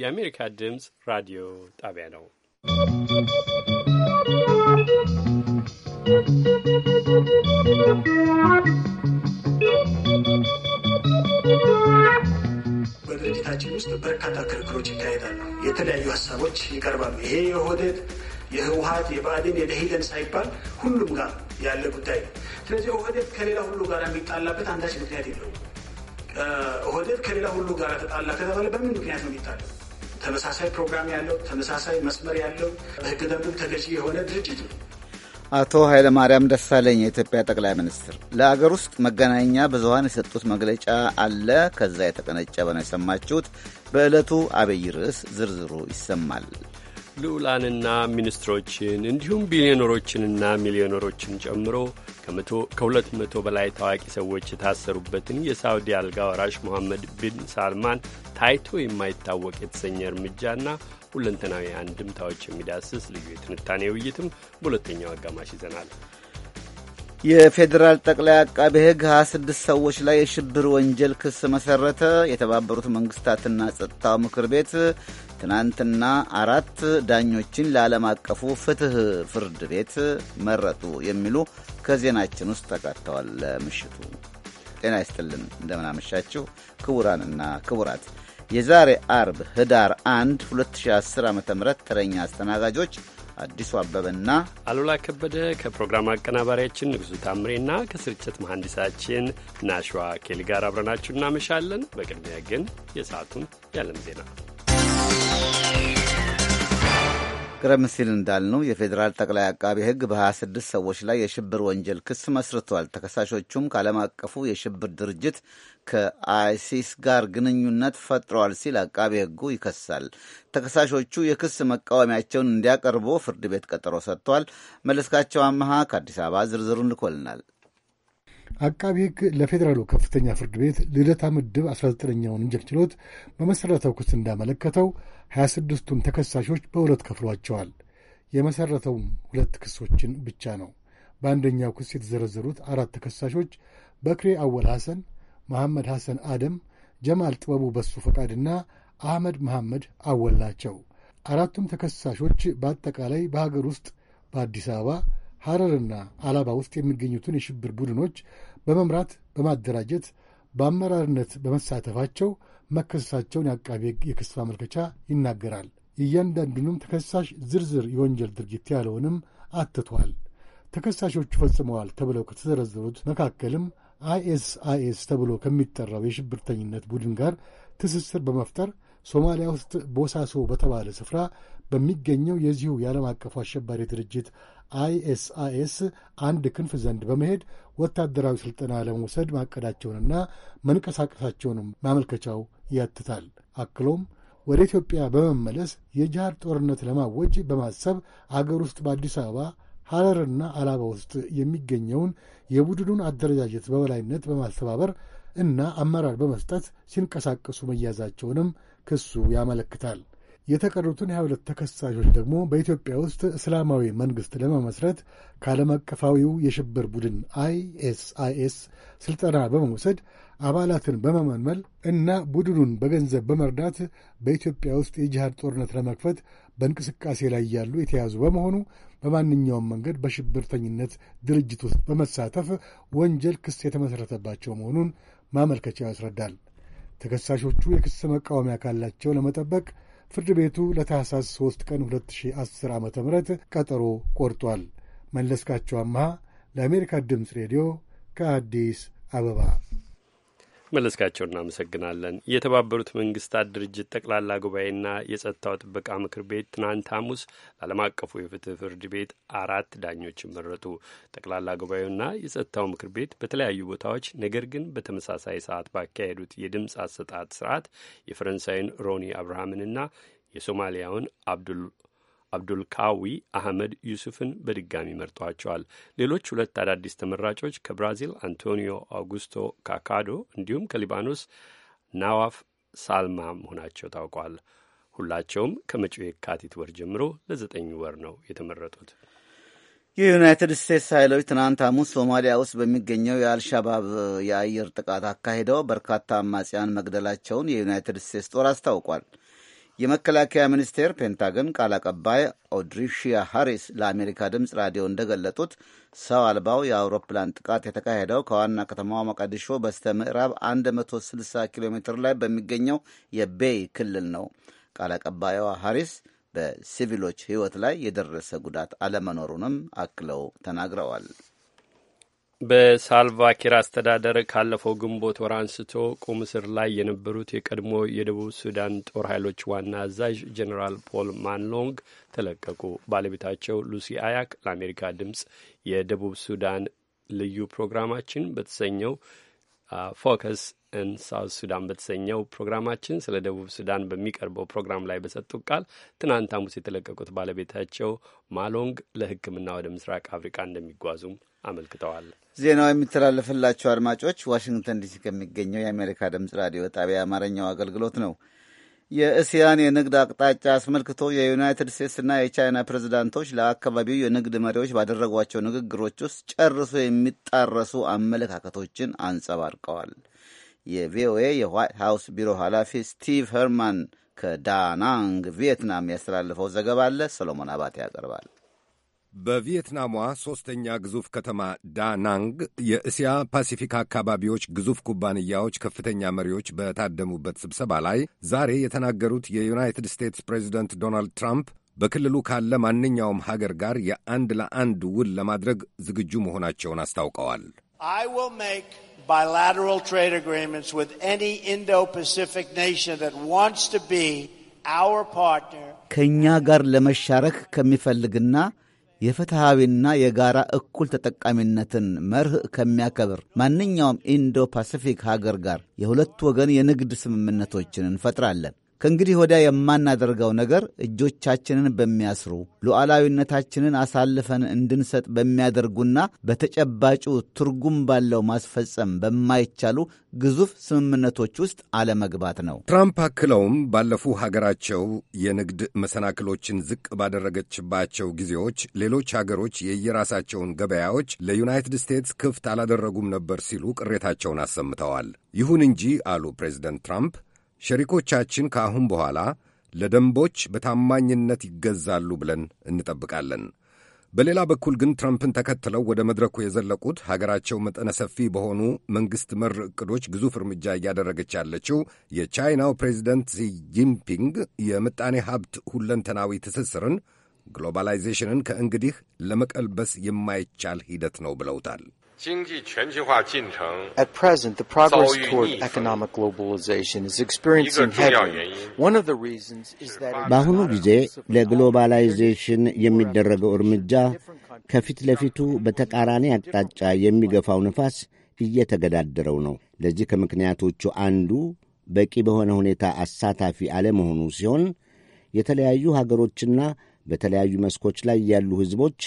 የአሜሪካ ድምፅ ራዲዮ ጣቢያ ነው። በድርጅታችን ውስጥ በርካታ ክርክሮች ይካሄዳሉ። የተለያዩ ሀሳቦች ይቀርባሉ። ይሄ የሆደድ የህወሀት የብአዴን የደኢህዴን ሳይባል ሁሉም ጋር ያለ ጉዳይ ነው። ስለዚህ ኦህዴድ ከሌላ ሁሉ ጋር የሚጣላበት አንዳች ምክንያት የለውም። ኦህዴድ ከሌላ ሁሉ ጋር ተጣላ ከተባለ በምን ምክንያት ነው የሚጣለው? ተመሳሳይ ፕሮግራም ያለው ተመሳሳይ መስመር ያለው በህገ ደንብም ተገዢ የሆነ ድርጅት ነው። አቶ ኃይለማርያም ደሳለኝ የኢትዮጵያ ጠቅላይ ሚኒስትር ለአገር ውስጥ መገናኛ ብዙሀን የሰጡት መግለጫ አለ። ከዛ የተቀነጨበ ነው የሰማችሁት። በዕለቱ አብይ ርዕስ ዝርዝሩ ይሰማል። ልዑላንና ሚኒስትሮችን እንዲሁም ቢሊዮነሮችንና ሚሊዮነሮችን ጨምሮ ከሁለት መቶ በላይ ታዋቂ ሰዎች የታሰሩበትን የሳውዲ አልጋ ወራሽ ሞሐመድ ቢን ሳልማን ታይቶ የማይታወቅ የተሰኘ እርምጃና ሁለንተናዊ አንድምታዎች የሚዳስስ ልዩ የትንታኔ ውይይትም በሁለተኛው አጋማሽ ይዘናል። የፌዴራል ጠቅላይ አቃቤ ሕግ 26 ሰዎች ላይ የሽብር ወንጀል ክስ መሰረተ። የተባበሩት መንግስታትና ጸጥታው ምክር ቤት ትናንትና አራት ዳኞችን ለዓለም አቀፉ ፍትህ ፍርድ ቤት መረጡ የሚሉ ከዜናችን ውስጥ ተካተዋል። ለምሽቱ ጤና ይስጥልን፣ እንደምናመሻችሁ ክቡራንና ክቡራት የዛሬ አርብ ህዳር 1 2010 ዓ ም ተረኛ አስተናጋጆች አዲሱ አበበና አሉላ ከበደ ከፕሮግራም አቀናባሪያችን ንጉሱ ታምሬና ከስርጭት መሐንዲሳችን ናሽዋ ኬሊጋር ጋር አብረናችሁ እናመሻለን። በቅድሚያ ግን የሰዓቱን ያለም ዜና ቀደም ሲል እንዳልነው የፌዴራል ጠቅላይ አቃቢ ሕግ በ26 ሰዎች ላይ የሽብር ወንጀል ክስ መስርቷል። ተከሳሾቹም ከዓለም አቀፉ የሽብር ድርጅት ከአይሲስ ጋር ግንኙነት ፈጥረዋል ሲል አቃቢ ሕጉ ይከሳል። ተከሳሾቹ የክስ መቃወሚያቸውን እንዲያቀርቡ ፍርድ ቤት ቀጠሮ ሰጥቷል። መለስካቸው አመሃ ከአዲስ አበባ ዝርዝሩን ልኮልናል። አቃቢ ሕግ ለፌዴራሉ ከፍተኛ ፍርድ ቤት ልደታ ምድብ 19ኛውን ወንጀል ችሎት በመሠረተው ክስ እንዳመለከተው 26ቱን ተከሳሾች በሁለት ከፍሏቸዋል። የመሠረተውም ሁለት ክሶችን ብቻ ነው። በአንደኛው ክስ የተዘረዘሩት አራት ተከሳሾች በክሬ አወል ሐሰን፣ መሐመድ ሐሰን አደም፣ ጀማል ጥበቡ በሱ ፈቃድና አህመድ መሐመድ አወል ናቸው። አራቱም ተከሳሾች በአጠቃላይ በሀገር ውስጥ በአዲስ አበባ ሐረርና አላባ ውስጥ የሚገኙትን የሽብር ቡድኖች በመምራት በማደራጀት በአመራርነት በመሳተፋቸው መከሰሳቸውን የአቃቢ ሕግ የክስ ማመልከቻ ይናገራል። እያንዳንዱንም ተከሳሽ ዝርዝር የወንጀል ድርጊት ያለውንም አትቷል። ተከሳሾቹ ፈጽመዋል ተብለው ከተዘረዘሩት መካከልም አይኤስአይኤስ ተብሎ ከሚጠራው የሽብርተኝነት ቡድን ጋር ትስስር በመፍጠር ሶማሊያ ውስጥ ቦሳሶ በተባለ ስፍራ በሚገኘው የዚሁ የዓለም አቀፉ አሸባሪ ድርጅት አይኤስአይኤስ አንድ ክንፍ ዘንድ በመሄድ ወታደራዊ ሥልጠና ለመውሰድ ማቀዳቸውንና መንቀሳቀሳቸውንም ማመልከቻው ያትታል። አክሎም ወደ ኢትዮጵያ በመመለስ የጅሃድ ጦርነት ለማወጅ በማሰብ አገር ውስጥ በአዲስ አበባ ሐረርና አላባ ውስጥ የሚገኘውን የቡድኑን አደረጃጀት በበላይነት በማስተባበር እና አመራር በመስጠት ሲንቀሳቀሱ መያዛቸውንም ክሱ ያመለክታል። የተቀሩትን 22 ተከሳሾች ደግሞ በኢትዮጵያ ውስጥ እስላማዊ መንግሥት ለመመስረት ከዓለም አቀፋዊው የሽብር ቡድን አይኤስአይኤስ ሥልጠና በመውሰድ አባላትን በመመልመል እና ቡድኑን በገንዘብ በመርዳት በኢትዮጵያ ውስጥ የጂሃድ ጦርነት ለመክፈት በእንቅስቃሴ ላይ ያሉ የተያዙ በመሆኑ በማንኛውም መንገድ በሽብርተኝነት ድርጅት ውስጥ በመሳተፍ ወንጀል ክስ የተመሠረተባቸው መሆኑን ማመልከቻው ያስረዳል። ተከሳሾቹ የክስ መቃወሚያ ካላቸው ለመጠበቅ ፍርድ ቤቱ ለታህሳስ 3 ቀን 2010 ዓ ም ቀጠሮ ቆርጧል። መለስካቸው አምሃ ለአሜሪካ ድምፅ ሬዲዮ ከአዲስ አበባ መለስካቸው እናመሰግናለን። የተባበሩት መንግስታት ድርጅት ጠቅላላ ጉባኤና የጸጥታው ጥበቃ ምክር ቤት ትናንት ሐሙስ ለዓለም አቀፉ የፍትህ ፍርድ ቤት አራት ዳኞች መረጡ። ጠቅላላ ጉባኤውና የጸጥታው ምክር ቤት በተለያዩ ቦታዎች ነገር ግን በተመሳሳይ ሰዓት ባካሄዱት የድምፅ አሰጣጥ ስርዓት የፈረንሳይን ሮኒ አብርሃምንና የሶማሊያውን አብዱል አብዱልካዊ አህመድ ዩሱፍን በድጋሚ መርጧቸዋል። ሌሎች ሁለት አዳዲስ ተመራጮች ከብራዚል አንቶኒዮ አውጉስቶ ካካዶ እንዲሁም ከሊባኖስ ናዋፍ ሳልማ መሆናቸው ታውቋል። ሁላቸውም ከመጪው የካቲት ወር ጀምሮ ለዘጠኝ ወር ነው የተመረጡት። የዩናይትድ ስቴትስ ኃይሎች ትናንት ሐሙስ ሶማሊያ ውስጥ በሚገኘው የአልሻባብ የአየር ጥቃት አካሂደው በርካታ አማጽያን መግደላቸውን የዩናይትድ ስቴትስ ጦር አስታውቋል። የመከላከያ ሚኒስቴር ፔንታገን ቃል አቀባይ ኦድሪሺያ ሃሪስ ለአሜሪካ ድምፅ ራዲዮ እንደገለጡት ሰው አልባው የአውሮፕላን ጥቃት የተካሄደው ከዋና ከተማዋ ሞቃዲሾ በስተ ምዕራብ 160 ኪሎ ሜትር ላይ በሚገኘው የቤይ ክልል ነው። ቃል አቀባዩዋ ሃሪስ በሲቪሎች ሕይወት ላይ የደረሰ ጉዳት አለመኖሩንም አክለው ተናግረዋል። በሳልቫኪር አስተዳደር ካለፈው ግንቦት ወር አንስቶ ቁም እስር ላይ የነበሩት የቀድሞ የደቡብ ሱዳን ጦር ኃይሎች ዋና አዛዥ ጀኔራል ፖል ማንሎንግ ተለቀቁ። ባለቤታቸው ሉሲ አያክ ለአሜሪካ ድምፅ የደቡብ ሱዳን ልዩ ፕሮግራማችን በተሰኘው ፎከስ ኢን ሳውት ሱዳን በተሰኘው ፕሮግራማችን ስለ ደቡብ ሱዳን በሚቀርበው ፕሮግራም ላይ በሰጡት ቃል ትናንት ሐሙስ የተለቀቁት ባለቤታቸው ማሎንግ ለሕክምና ወደ ምስራቅ አፍሪቃ እንደሚጓዙም አመልክተዋል። ዜናው የሚተላለፍላቸው አድማጮች ዋሽንግተን ዲሲ ከሚገኘው የአሜሪካ ድምፅ ራዲዮ ጣቢያ የአማርኛው አገልግሎት ነው። የእስያን የንግድ አቅጣጫ አስመልክቶ የዩናይትድ ስቴትስና የቻይና ፕሬዝዳንቶች ለአካባቢው የንግድ መሪዎች ባደረጓቸው ንግግሮች ውስጥ ጨርሶ የሚጣረሱ አመለካከቶችን አንጸባርቀዋል። የቪኦኤ የዋይት ሃውስ ቢሮ ኃላፊ ስቲቭ ሄርማን ከዳናንግ ቪየትናም ያስተላልፈው ዘገባ አለ። ሰሎሞን አባቴ ያቀርባል። በቪየትናሟ ሦስተኛ ግዙፍ ከተማ ዳናንግ የእስያ ፓሲፊክ አካባቢዎች ግዙፍ ኩባንያዎች ከፍተኛ መሪዎች በታደሙበት ስብሰባ ላይ ዛሬ የተናገሩት የዩናይትድ ስቴትስ ፕሬዚደንት ዶናልድ ትራምፕ በክልሉ ካለ ማንኛውም ሀገር ጋር የአንድ ለአንድ ውል ለማድረግ ዝግጁ መሆናቸውን አስታውቀዋል። ከእኛ ጋር ለመሻረክ ከሚፈልግና የፍትሐዊና የጋራ እኩል ተጠቃሚነትን መርህ ከሚያከብር ማንኛውም ኢንዶ ፓሲፊክ ሀገር ጋር የሁለት ወገን የንግድ ስምምነቶችን እንፈጥራለን። ከእንግዲህ ወዲያ የማናደርገው ነገር እጆቻችንን በሚያስሩ ሉዓላዊነታችንን አሳልፈን እንድንሰጥ በሚያደርጉና በተጨባጩ ትርጉም ባለው ማስፈጸም በማይቻሉ ግዙፍ ስምምነቶች ውስጥ አለመግባት ነው። ትራምፕ አክለውም ባለፉ ሀገራቸው የንግድ መሰናክሎችን ዝቅ ባደረገችባቸው ጊዜዎች ሌሎች ሀገሮች የየራሳቸውን ገበያዎች ለዩናይትድ ስቴትስ ክፍት አላደረጉም ነበር ሲሉ ቅሬታቸውን አሰምተዋል። ይሁን እንጂ አሉ ፕሬዚደንት ትራምፕ ሸሪኮቻችን ከአሁን በኋላ ለደንቦች በታማኝነት ይገዛሉ ብለን እንጠብቃለን። በሌላ በኩል ግን ትራምፕን ተከትለው ወደ መድረኩ የዘለቁት ሀገራቸው መጠነ ሰፊ በሆኑ መንግሥት መር ዕቅዶች ግዙፍ እርምጃ እያደረገች ያለችው የቻይናው ፕሬዚደንት ሲጂንፒንግ የምጣኔ ሀብት ሁለንተናዊ ትስስርን ግሎባላይዜሽንን ከእንግዲህ ለመቀልበስ የማይቻል ሂደት ነው ብለውታል። At present, the progress toward economic globalization is experiencing headwinds. One of the reasons is that በአሁኑ ጊዜ ለግሎባላይዜሽን የሚደረገው እርምጃ ከፊት ለፊቱ በተቃራኒ አቅጣጫ የሚገፋው ነፋስ እየተገዳደረው ነው። ለዚህ ከምክንያቶቹ አንዱ በቂ በሆነ ሁኔታ አሳታፊ አለመሆኑ ሲሆን የተለያዩ ሀገሮችና በተለያዩ መስኮች ላይ ያሉ ሕዝቦች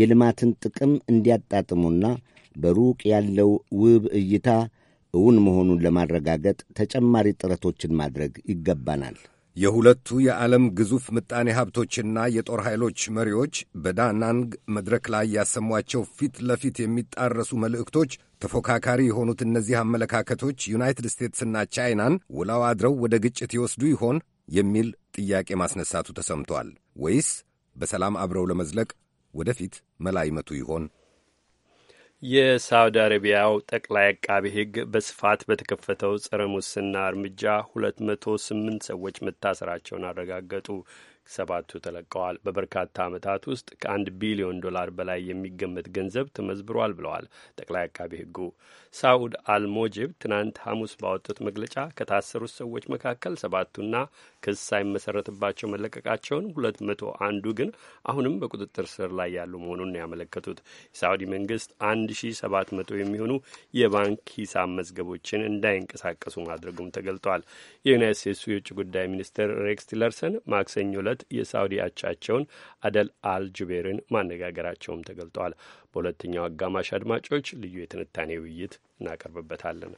የልማትን ጥቅም እንዲያጣጥሙና በሩቅ ያለው ውብ እይታ እውን መሆኑን ለማረጋገጥ ተጨማሪ ጥረቶችን ማድረግ ይገባናል። የሁለቱ የዓለም ግዙፍ ምጣኔ ሀብቶችና የጦር ኃይሎች መሪዎች በዳናንግ መድረክ ላይ ያሰሟቸው ፊት ለፊት የሚጣረሱ መልእክቶች ተፎካካሪ የሆኑት እነዚህ አመለካከቶች ዩናይትድ ስቴትስና ቻይናን ውላው አድረው ወደ ግጭት ይወስዱ ይሆን የሚል ጥያቄ ማስነሳቱ ተሰምቷል። ወይስ በሰላም አብረው ለመዝለቅ ወደፊት መላ ይመቱ ይሆን? የሳውዲ አረቢያው ጠቅላይ አቃቢ ሕግ በስፋት በተከፈተው ጸረ ሙስና እርምጃ ሁለት መቶ ስምንት ሰዎች መታሰራቸውን አረጋገጡ። ሰባቱ ተለቀዋል። በበርካታ ዓመታት ውስጥ ከአንድ ቢሊዮን ዶላር በላይ የሚገመት ገንዘብ ተመዝብሯል ብለዋል ጠቅላይ አቃቢ ሕጉ። ሳኡድ አልሞጅብ ትናንት ሐሙስ ባወጡት መግለጫ ከታሰሩት ሰዎች መካከል ሰባቱና ክስ ሳይመሰረትባቸው መለቀቃቸውን፣ ሁለት መቶ አንዱ ግን አሁንም በቁጥጥር ስር ላይ ያሉ መሆኑን ነው ያመለከቱት። የሳዑዲ መንግስት አንድ ሺ ሰባት መቶ የሚሆኑ የባንክ ሂሳብ መዝገቦችን እንዳይንቀሳቀሱ ማድረጉም ተገልጧል። የዩናይት ስቴትሱ የውጭ ጉዳይ ሚኒስትር ሬክስ ቲለርሰን ማክሰኞ ዕለት የሳዑዲ አቻቸውን አደል አልጁቤርን ማነጋገራቸውም ተገልጧል። በሁለተኛው አጋማሽ አድማጮች ልዩ የትንታኔ ውይይት እናቀርብበታለን።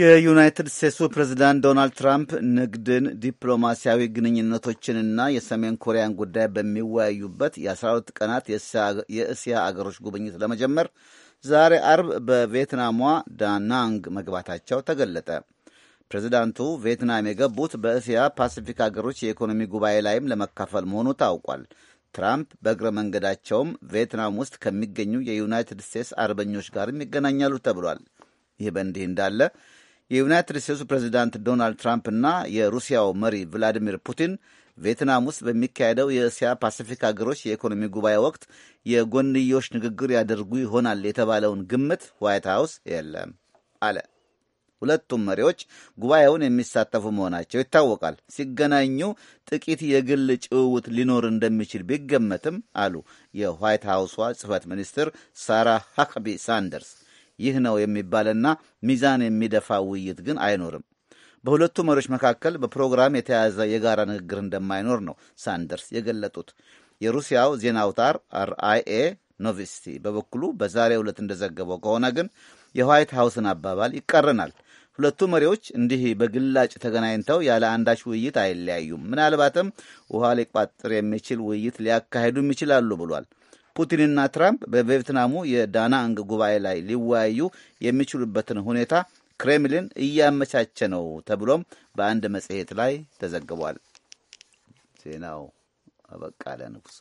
የዩናይትድ ስቴትሱ ፕሬዝዳንት ዶናልድ ትራምፕ ንግድን፣ ዲፕሎማሲያዊ ግንኙነቶችንና የሰሜን ኮሪያን ጉዳይ በሚወያዩበት የ12 ቀናት የእስያ አገሮች ጉብኝት ለመጀመር ዛሬ አርብ በቪየትናሟ ዳናንግ መግባታቸው ተገለጠ። ፕሬዝዳንቱ ቪየትናም የገቡት በእስያ ፓሲፊክ አገሮች የኢኮኖሚ ጉባኤ ላይም ለመካፈል መሆኑ ታውቋል። ትራምፕ በእግረ መንገዳቸውም ቪየትናም ውስጥ ከሚገኙ የዩናይትድ ስቴትስ አርበኞች ጋርም ይገናኛሉ ተብሏል። ይህ በእንዲህ እንዳለ የዩናይትድ ስቴትሱ ፕሬዚዳንት ዶናልድ እና የሩሲያው መሪ ቭላዲሚር ፑቲን ቬትናም ውስጥ በሚካሄደው የእስያ ፓሲፊክ ሀገሮች የኢኮኖሚ ጉባኤ ወቅት የጎንዮሽ ንግግር ያደርጉ ይሆናል የተባለውን ግምት ዋይት ሀውስ የለም አለ። ሁለቱም መሪዎች ጉባኤውን የሚሳተፉ መሆናቸው ይታወቃል። ሲገናኙ ጥቂት የግል ጭውውት ሊኖር እንደሚችል ቢገመትም አሉ የዋይት ሀውሷ ጽህፈት ሚኒስትር ሳራ ሀክቢ ሳንደርስ ይህ ነው የሚባልና ሚዛን የሚደፋ ውይይት ግን አይኖርም። በሁለቱ መሪዎች መካከል በፕሮግራም የተያዘ የጋራ ንግግር እንደማይኖር ነው ሳንደርስ የገለጡት። የሩሲያው ዜና አውታር አርአይኤ ኖቪስቲ በበኩሉ በዛሬ ዕለት እንደዘገበው ከሆነ ግን የዋይት ሀውስን አባባል ይቀረናል። ሁለቱ መሪዎች እንዲህ በግላጭ ተገናኝተው ያለ አንዳች ውይይት አይለያዩም። ምናልባትም ውሃ ሊቋጥር የሚችል ውይይት ሊያካሂዱም ይችላሉ ብሏል። ፑቲንና ትራምፕ በቬትናሙ የዳናንግ ጉባኤ ላይ ሊወያዩ የሚችሉበትን ሁኔታ ክሬምሊን እያመቻቸ ነው ተብሎም በአንድ መጽሔት ላይ ተዘግቧል። ዜናው አበቃ። ለንጉስ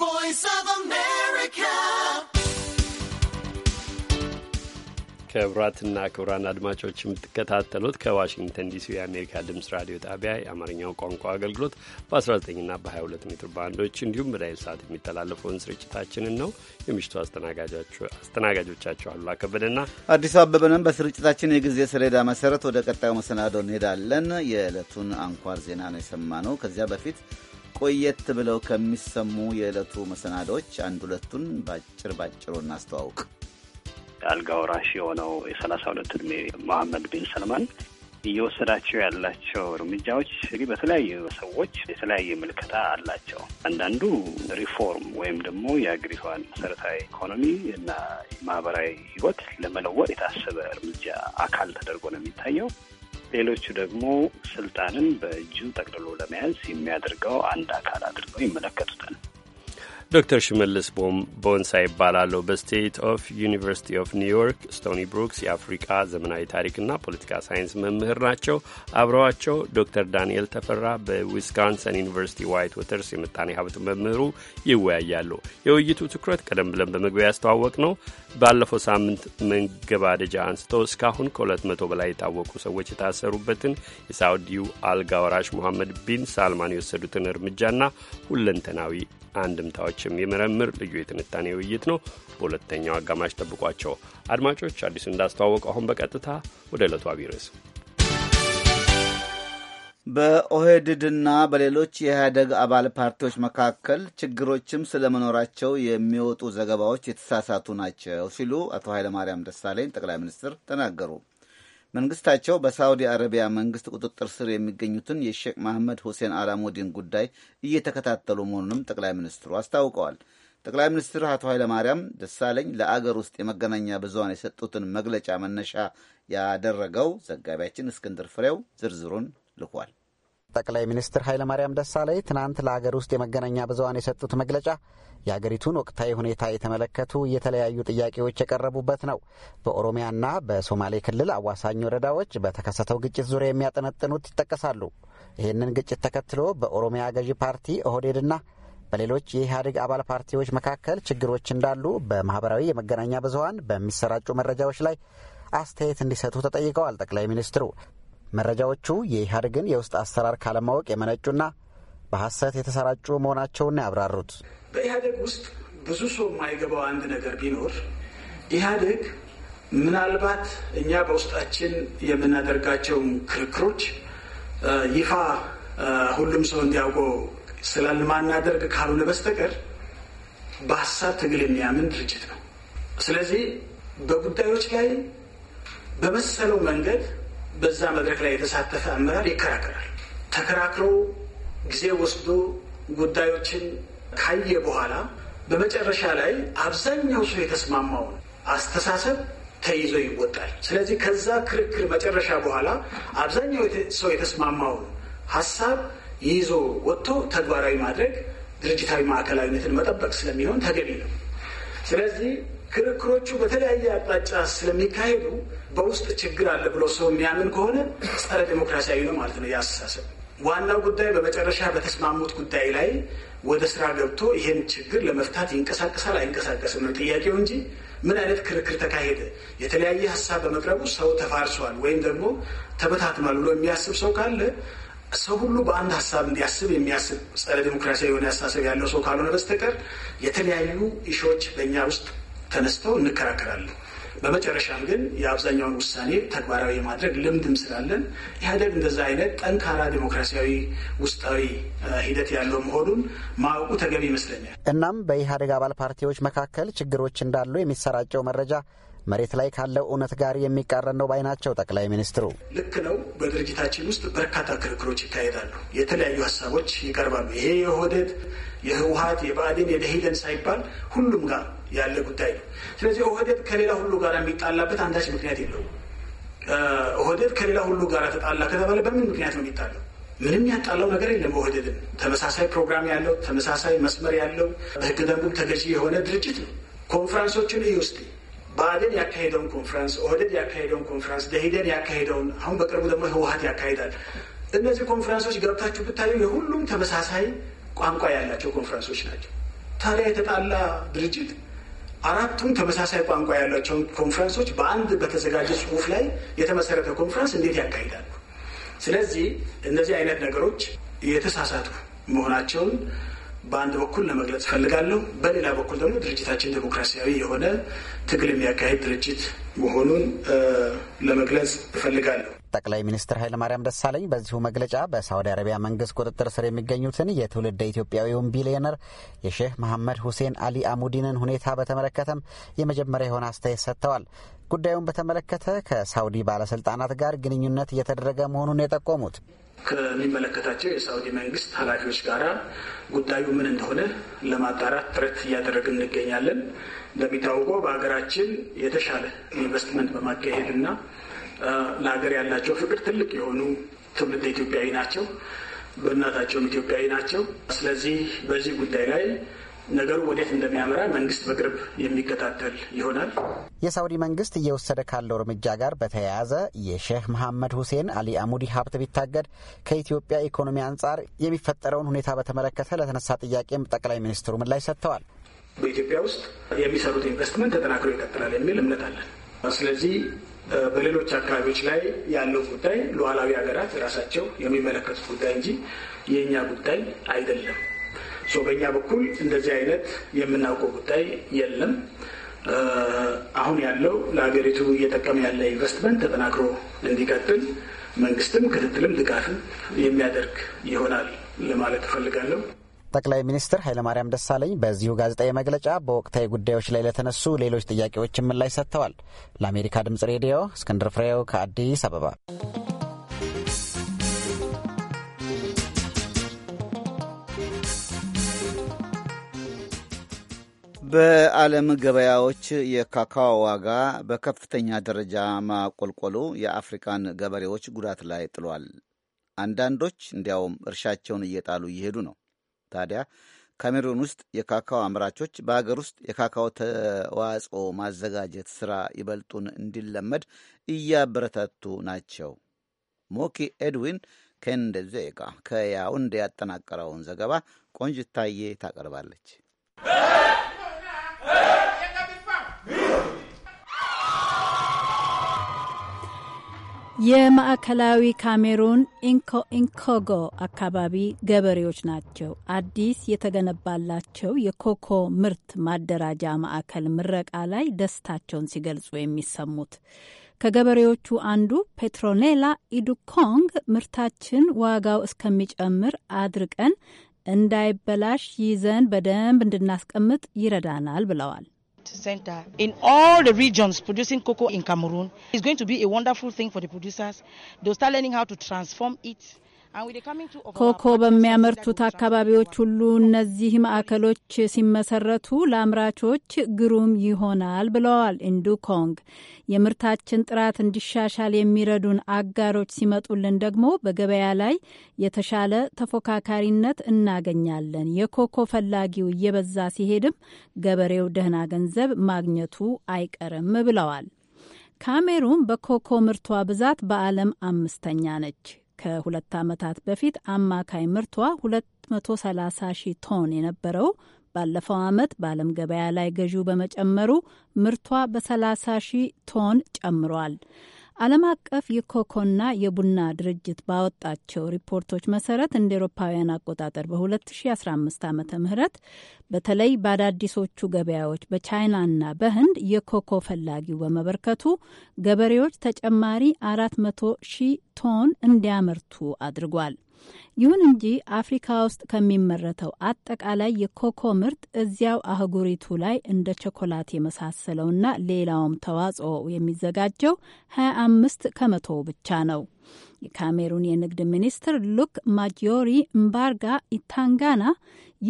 ቮይስ ኦፍ አሜሪካ ክቡራትና ክቡራን አድማጮች የምትከታተሉት ከዋሽንግተን ዲሲ የአሜሪካ ድምፅ ራዲዮ ጣቢያ የአማርኛው ቋንቋ አገልግሎት በ19ና በ22 ሜትር ባንዶች እንዲሁም በዳይል ሰዓት የሚተላለፈውን ስርጭታችንን ነው። የምሽቱ አስተናጋጆቻችሁ አሉላ ከበደና አዲሱ አበበንም በስርጭታችን የጊዜ ሰሌዳ መሰረት ወደ ቀጣዩ መሰናዶ እንሄዳለን። የዕለቱን አንኳር ዜና ነው ነው። ከዚያ በፊት ቆየት ብለው ከሚሰሙ የዕለቱ መሰናዶዎች አንድ ሁለቱን ባጭር ባጭሩ እናስተዋውቅ። አልጋ ወራሽ የሆነው የሰላሳ ሁለት እድሜ መሐመድ ቢን ሰልማን እየወሰዳቸው ያላቸው እርምጃዎች እንግዲህ በተለያዩ ሰዎች የተለያየ ምልከታ አላቸው። አንዳንዱ ሪፎርም ወይም ደግሞ የአገሪቷን መሰረታዊ ኢኮኖሚ እና ማህበራዊ ህይወት ለመለወጥ የታሰበ እርምጃ አካል ተደርጎ ነው የሚታየው። ሌሎቹ ደግሞ ስልጣንን በእጁ ጠቅልሎ ለመያዝ የሚያደርገው አንድ አካል አድርገው ይመለከቱታል። ዶክተር ሽመልስ ቦንሳ ይባላሉ። በስቴት ኦፍ ዩኒቨርሲቲ ኦፍ ኒውዮርክ ስቶኒ ብሩክስ የአፍሪቃ ዘመናዊ ታሪክና ፖለቲካ ሳይንስ መምህር ናቸው። አብረዋቸው ዶክተር ዳንኤል ተፈራ በዊስካንሰን ዩኒቨርሲቲ ዋይት ወተርስ የምጣኔ ሀብት መምህሩ ይወያያሉ። የውይይቱ ትኩረት ቀደም ብለን በመግቢያ ያስተዋወቅ ነው ባለፈው ሳምንት መንገባደጃ አንስቶ እስካሁን ከ200 በላይ የታወቁ ሰዎች የታሰሩበትን የሳውዲው አልጋ ወራሽ ሙሐመድ ቢን ሳልማን የወሰዱትን እርምጃና ሁለንተናዊ አንድምታዎች የሚመረምር ልዩ የትንታኔ ውይይት ነው። በሁለተኛው አጋማሽ ጠብቋቸው አድማጮች። አዲሱ እንዳስተዋወቀው አሁን በቀጥታ ወደ ዕለቱ አቢይ ርዕስ በኦህድድና በሌሎች የኢህአደግ አባል ፓርቲዎች መካከል ችግሮችም ስለመኖራቸው የሚወጡ ዘገባዎች የተሳሳቱ ናቸው ሲሉ አቶ ኃይለማርያም ደሳለኝ ጠቅላይ ሚኒስትር ተናገሩ። መንግስታቸው በሳዑዲ አረቢያ መንግስት ቁጥጥር ስር የሚገኙትን የሼክ መሐመድ ሁሴን አላሙዲን ጉዳይ እየተከታተሉ መሆኑንም ጠቅላይ ሚኒስትሩ አስታውቀዋል። ጠቅላይ ሚኒስትር አቶ ኃይለማርያም ደሳለኝ ለአገር ውስጥ የመገናኛ ብዙን የሰጡትን መግለጫ መነሻ ያደረገው ዘጋቢያችን እስክንድር ፍሬው ዝርዝሩን ልኳል። ጠቅላይ ሚኒስትር ኃይለማርያም ደሳለኝ ትናንት ለሀገር ውስጥ የመገናኛ ብዙሀን የሰጡት መግለጫ የአገሪቱን ወቅታዊ ሁኔታ የተመለከቱ የተለያዩ ጥያቄዎች የቀረቡበት ነው። በኦሮሚያና በሶማሌ ክልል አዋሳኝ ወረዳዎች በተከሰተው ግጭት ዙሪያ የሚያጠነጥኑት ይጠቀሳሉ። ይህንን ግጭት ተከትሎ በኦሮሚያ ገዢ ፓርቲ ኦህዴድና በሌሎች የኢህአዴግ አባል ፓርቲዎች መካከል ችግሮች እንዳሉ በማህበራዊ የመገናኛ ብዙሀን በሚሰራጩ መረጃዎች ላይ አስተያየት እንዲሰጡ ተጠይቀዋል። ጠቅላይ ሚኒስትሩ መረጃዎቹ የኢህአዴግን የውስጥ አሰራር ካለማወቅ የመነጩና በሐሰት የተሰራጩ መሆናቸውን ያብራሩት በኢህአዴግ ውስጥ ብዙ ሰው የማይገባው አንድ ነገር ቢኖር ኢህአዴግ ምናልባት እኛ በውስጣችን የምናደርጋቸውን ክርክሮች ይፋ ሁሉም ሰው እንዲያውቀው ስለማናደርግ ካልሆነ በስተቀር በሀሳብ ትግል የሚያምን ድርጅት ነው። ስለዚህ በጉዳዮች ላይ በመሰለው መንገድ በዛ መድረክ ላይ የተሳተፈ አመራር ይከራከራል። ተከራክሮ ጊዜ ወስዶ ጉዳዮችን ካየ በኋላ በመጨረሻ ላይ አብዛኛው ሰው የተስማማውን አስተሳሰብ ተይዞ ይወጣል። ስለዚህ ከዛ ክርክር መጨረሻ በኋላ አብዛኛው ሰው የተስማማውን ሀሳብ ይዞ ወጥቶ ተግባራዊ ማድረግ ድርጅታዊ ማዕከላዊነትን መጠበቅ ስለሚሆን ተገቢ ነው። ስለዚህ ክርክሮቹ በተለያየ አቅጣጫ ስለሚካሄዱ በውስጥ ችግር አለ ብሎ ሰው የሚያምን ከሆነ ጸረ ዲሞክራሲያዊ ነው ማለት ነው የአስተሳሰብ ዋናው ጉዳይ በመጨረሻ በተስማሙት ጉዳይ ላይ ወደ ስራ ገብቶ ይህን ችግር ለመፍታት ይንቀሳቀሳል አይንቀሳቀስም ነው ጥያቄው እንጂ ምን አይነት ክርክር ተካሄደ፣ የተለያየ ሀሳብ በመቅረቡ ሰው ተፋርሷል ወይም ደግሞ ተበታትኗል ብሎ የሚያስብ ሰው ካለ ሰው ሁሉ በአንድ ሀሳብ እንዲያስብ የሚያስብ ጸረ ዲሞክራሲያዊ የሆነ አስተሳሰብ ያለው ሰው ካልሆነ በስተቀር የተለያዩ ኢሾዎች በእኛ ውስጥ ተነስተው እንከራከራለን። በመጨረሻም ግን የአብዛኛውን ውሳኔ ተግባራዊ የማድረግ ልምድም ስላለን ኢህአዴግ እንደዛ አይነት ጠንካራ ዲሞክራሲያዊ ውስጣዊ ሂደት ያለው መሆኑን ማወቁ ተገቢ ይመስለኛል። እናም በኢህአደግ አባል ፓርቲዎች መካከል ችግሮች እንዳሉ የሚሰራጨው መረጃ መሬት ላይ ካለው እውነት ጋር የሚቃረን ነው ባይ ናቸው ጠቅላይ ሚኒስትሩ። ልክ ነው። በድርጅታችን ውስጥ በርካታ ክርክሮች ይካሄዳሉ። የተለያዩ ሀሳቦች ይቀርባሉ። ይሄ የሆደት የህወሀት የባዕድን የደሂደን ሳይባል ሁሉም ጋር ያለ ጉዳይ ነው። ስለዚህ ኦህደት ከሌላ ሁሉ ጋር የሚጣላበት አንዳች ምክንያት የለውም። ኦህደት ከሌላ ሁሉ ጋር ተጣላ ከተባለ በምን ምክንያት ነው የሚጣለው? ምንም ያጣለው ነገር የለም። ኦህደድን ተመሳሳይ ፕሮግራም ያለው ተመሳሳይ መስመር ያለው በህገ ደንቡም ተገዢ የሆነ ድርጅት ነው። ኮንፈረንሶችን ይወስድ ብአዴን ያካሄደውን ኮንፈረንስ፣ ኦህደድ ያካሄደውን ኮንፈረንስ፣ ደሂደን ያካሄደውን አሁን በቅርቡ ደግሞ ህወሀት ያካሄዳል። እነዚህ ኮንፈረንሶች ገብታችሁ ብታዩ የሁሉም ተመሳሳይ ቋንቋ ያላቸው ኮንፈረንሶች ናቸው። ታዲያ የተጣላ ድርጅት አራቱም ተመሳሳይ ቋንቋ ያላቸውን ኮንፈረንሶች በአንድ በተዘጋጀ ጽሁፍ ላይ የተመሰረተ ኮንፈረንስ እንዴት ያካሂዳሉ? ስለዚህ እነዚህ አይነት ነገሮች የተሳሳቱ መሆናቸውን በአንድ በኩል ለመግለጽ ፈልጋለሁ። በሌላ በኩል ደግሞ ድርጅታችን ዴሞክራሲያዊ የሆነ ትግል የሚያካሄድ ድርጅት መሆኑን ለመግለጽ እፈልጋለሁ። ጠቅላይ ሚኒስትር ኃይለማርያም ደሳለኝ በዚሁ መግለጫ በሳውዲ አረቢያ መንግስት ቁጥጥር ስር የሚገኙትን የትውልድ ኢትዮጵያዊውን ቢሊዮነር የሼህ መሐመድ ሁሴን አሊ አሙዲንን ሁኔታ በተመለከተም የመጀመሪያ የሆነ አስተያየት ሰጥተዋል። ጉዳዩን በተመለከተ ከሳውዲ ባለስልጣናት ጋር ግንኙነት እየተደረገ መሆኑን የጠቆሙት ከሚመለከታቸው የሳዑዲ መንግስት ኃላፊዎች ጋር ጉዳዩ ምን እንደሆነ ለማጣራት ጥረት እያደረግን እንገኛለን። እንደሚታወቀው በሀገራችን የተሻለ ኢንቨስትመንት በማካሄድ እና ለሀገር ያላቸው ፍቅር ትልቅ የሆኑ ትውልድ ኢትዮጵያዊ ናቸው። በእናታቸውም ኢትዮጵያዊ ናቸው። ስለዚህ በዚህ ጉዳይ ላይ ነገሩ ወዴት እንደሚያመራ መንግስት በቅርብ የሚከታተል ይሆናል። የሳውዲ መንግስት እየወሰደ ካለው እርምጃ ጋር በተያያዘ የሼህ መሐመድ ሁሴን አሊ አሙዲ ሀብት ቢታገድ ከኢትዮጵያ ኢኮኖሚ አንጻር የሚፈጠረውን ሁኔታ በተመለከተ ለተነሳ ጥያቄም ጠቅላይ ሚኒስትሩ ምላሽ ሰጥተዋል። በኢትዮጵያ ውስጥ የሚሰሩት ኢንቨስትመንት ተጠናክሮ ይቀጥላል የሚል እምነት አለን። ስለዚህ በሌሎች አካባቢዎች ላይ ያለው ጉዳይ ሉዓላዊ ሀገራት ራሳቸው የሚመለከቱት ጉዳይ እንጂ የእኛ ጉዳይ አይደለም። በእኛ በኩል እንደዚህ አይነት የምናውቀው ጉዳይ የለም። አሁን ያለው ለሀገሪቱ እየጠቀመ ያለ ኢንቨስትመንት ተጠናክሮ እንዲቀጥል መንግስትም ክትትልም ድጋፍም የሚያደርግ ይሆናል ለማለት እፈልጋለሁ። ጠቅላይ ሚኒስትር ኃይለማርያም ደሳለኝ በዚሁ ጋዜጣዊ መግለጫ በወቅታዊ ጉዳዮች ላይ ለተነሱ ሌሎች ጥያቄዎችን ምላሽ ሰጥተዋል። ለአሜሪካ ድምጽ ሬዲዮ እስክንድር ፍሬው ከአዲስ አበባ በዓለም ገበያዎች የካካዎ ዋጋ በከፍተኛ ደረጃ ማቆልቆሉ የአፍሪካን ገበሬዎች ጉዳት ላይ ጥሏል። አንዳንዶች እንዲያውም እርሻቸውን እየጣሉ እየሄዱ ነው። ታዲያ ካሜሩን ውስጥ የካካዎ አምራቾች በሀገር ውስጥ የካካዎ ተዋጽኦ ማዘጋጀት ሥራ ይበልጡን እንዲለመድ እያበረታቱ ናቸው። ሞኪ ኤድዊን ከእንደዜቃ ከያውንዴ ያጠናቀረውን ዘገባ ቆንጅታዬ ታቀርባለች። የማዕከላዊ ካሜሩን ኢንኮጎ አካባቢ ገበሬዎች ናቸው አዲስ የተገነባላቸው የኮኮ ምርት ማደራጃ ማዕከል ምረቃ ላይ ደስታቸውን ሲገልጹ የሚሰሙት። ከገበሬዎቹ አንዱ ፔትሮኔላ ኢዱኮንግ ምርታችን ዋጋው እስከሚጨምር አድርቀን እንዳይበላሽ ይዘን በደንብ እንድናስቀምጥ ይረዳናል ብለዋል። center in all the regions producing cocoa in Cameroon. It's going to be a wonderful thing for the producers. They'll start learning how to transform it ኮኮ በሚያመርቱት አካባቢዎች ሁሉ እነዚህ ማዕከሎች ሲመሰረቱ ለአምራቾች ግሩም ይሆናል ብለዋል ኢንዱ ኮንግ። የምርታችን ጥራት እንዲሻሻል የሚረዱን አጋሮች ሲመጡልን ደግሞ በገበያ ላይ የተሻለ ተፎካካሪነት እናገኛለን። የኮኮ ፈላጊው እየበዛ ሲሄድም ገበሬው ደህና ገንዘብ ማግኘቱ አይቀርም ብለዋል። ካሜሩን በኮኮ ምርቷ ብዛት በዓለም አምስተኛ ነች። ከሁለት ዓመታት በፊት አማካይ ምርቷ 230 ሺህ ቶን የነበረው ባለፈው ዓመት በዓለም ገበያ ላይ ገዢው በመጨመሩ ምርቷ በ30 ሺህ ቶን ጨምሯል። ዓለም አቀፍ የኮኮና የቡና ድርጅት ባወጣቸው ሪፖርቶች መሰረት እንደ ኤሮፓውያን አቆጣጠር በ2015 ዓ ም በተለይ በአዳዲሶቹ ገበያዎች በቻይናና በህንድ የኮኮ ፈላጊው በመበርከቱ ገበሬዎች ተጨማሪ 400 ሺህ ቶን እንዲያመርቱ አድርጓል። ይሁን እንጂ አፍሪካ ውስጥ ከሚመረተው አጠቃላይ የኮኮ ምርት እዚያው አህጉሪቱ ላይ እንደ ቸኮላት የመሳሰለውና ሌላውም ተዋጽኦ የሚዘጋጀው 25 ከመቶ ብቻ ነው። የካሜሩን የንግድ ሚኒስትር ሉክ ማጂዮሪ እምባርጋ ኢታንጋና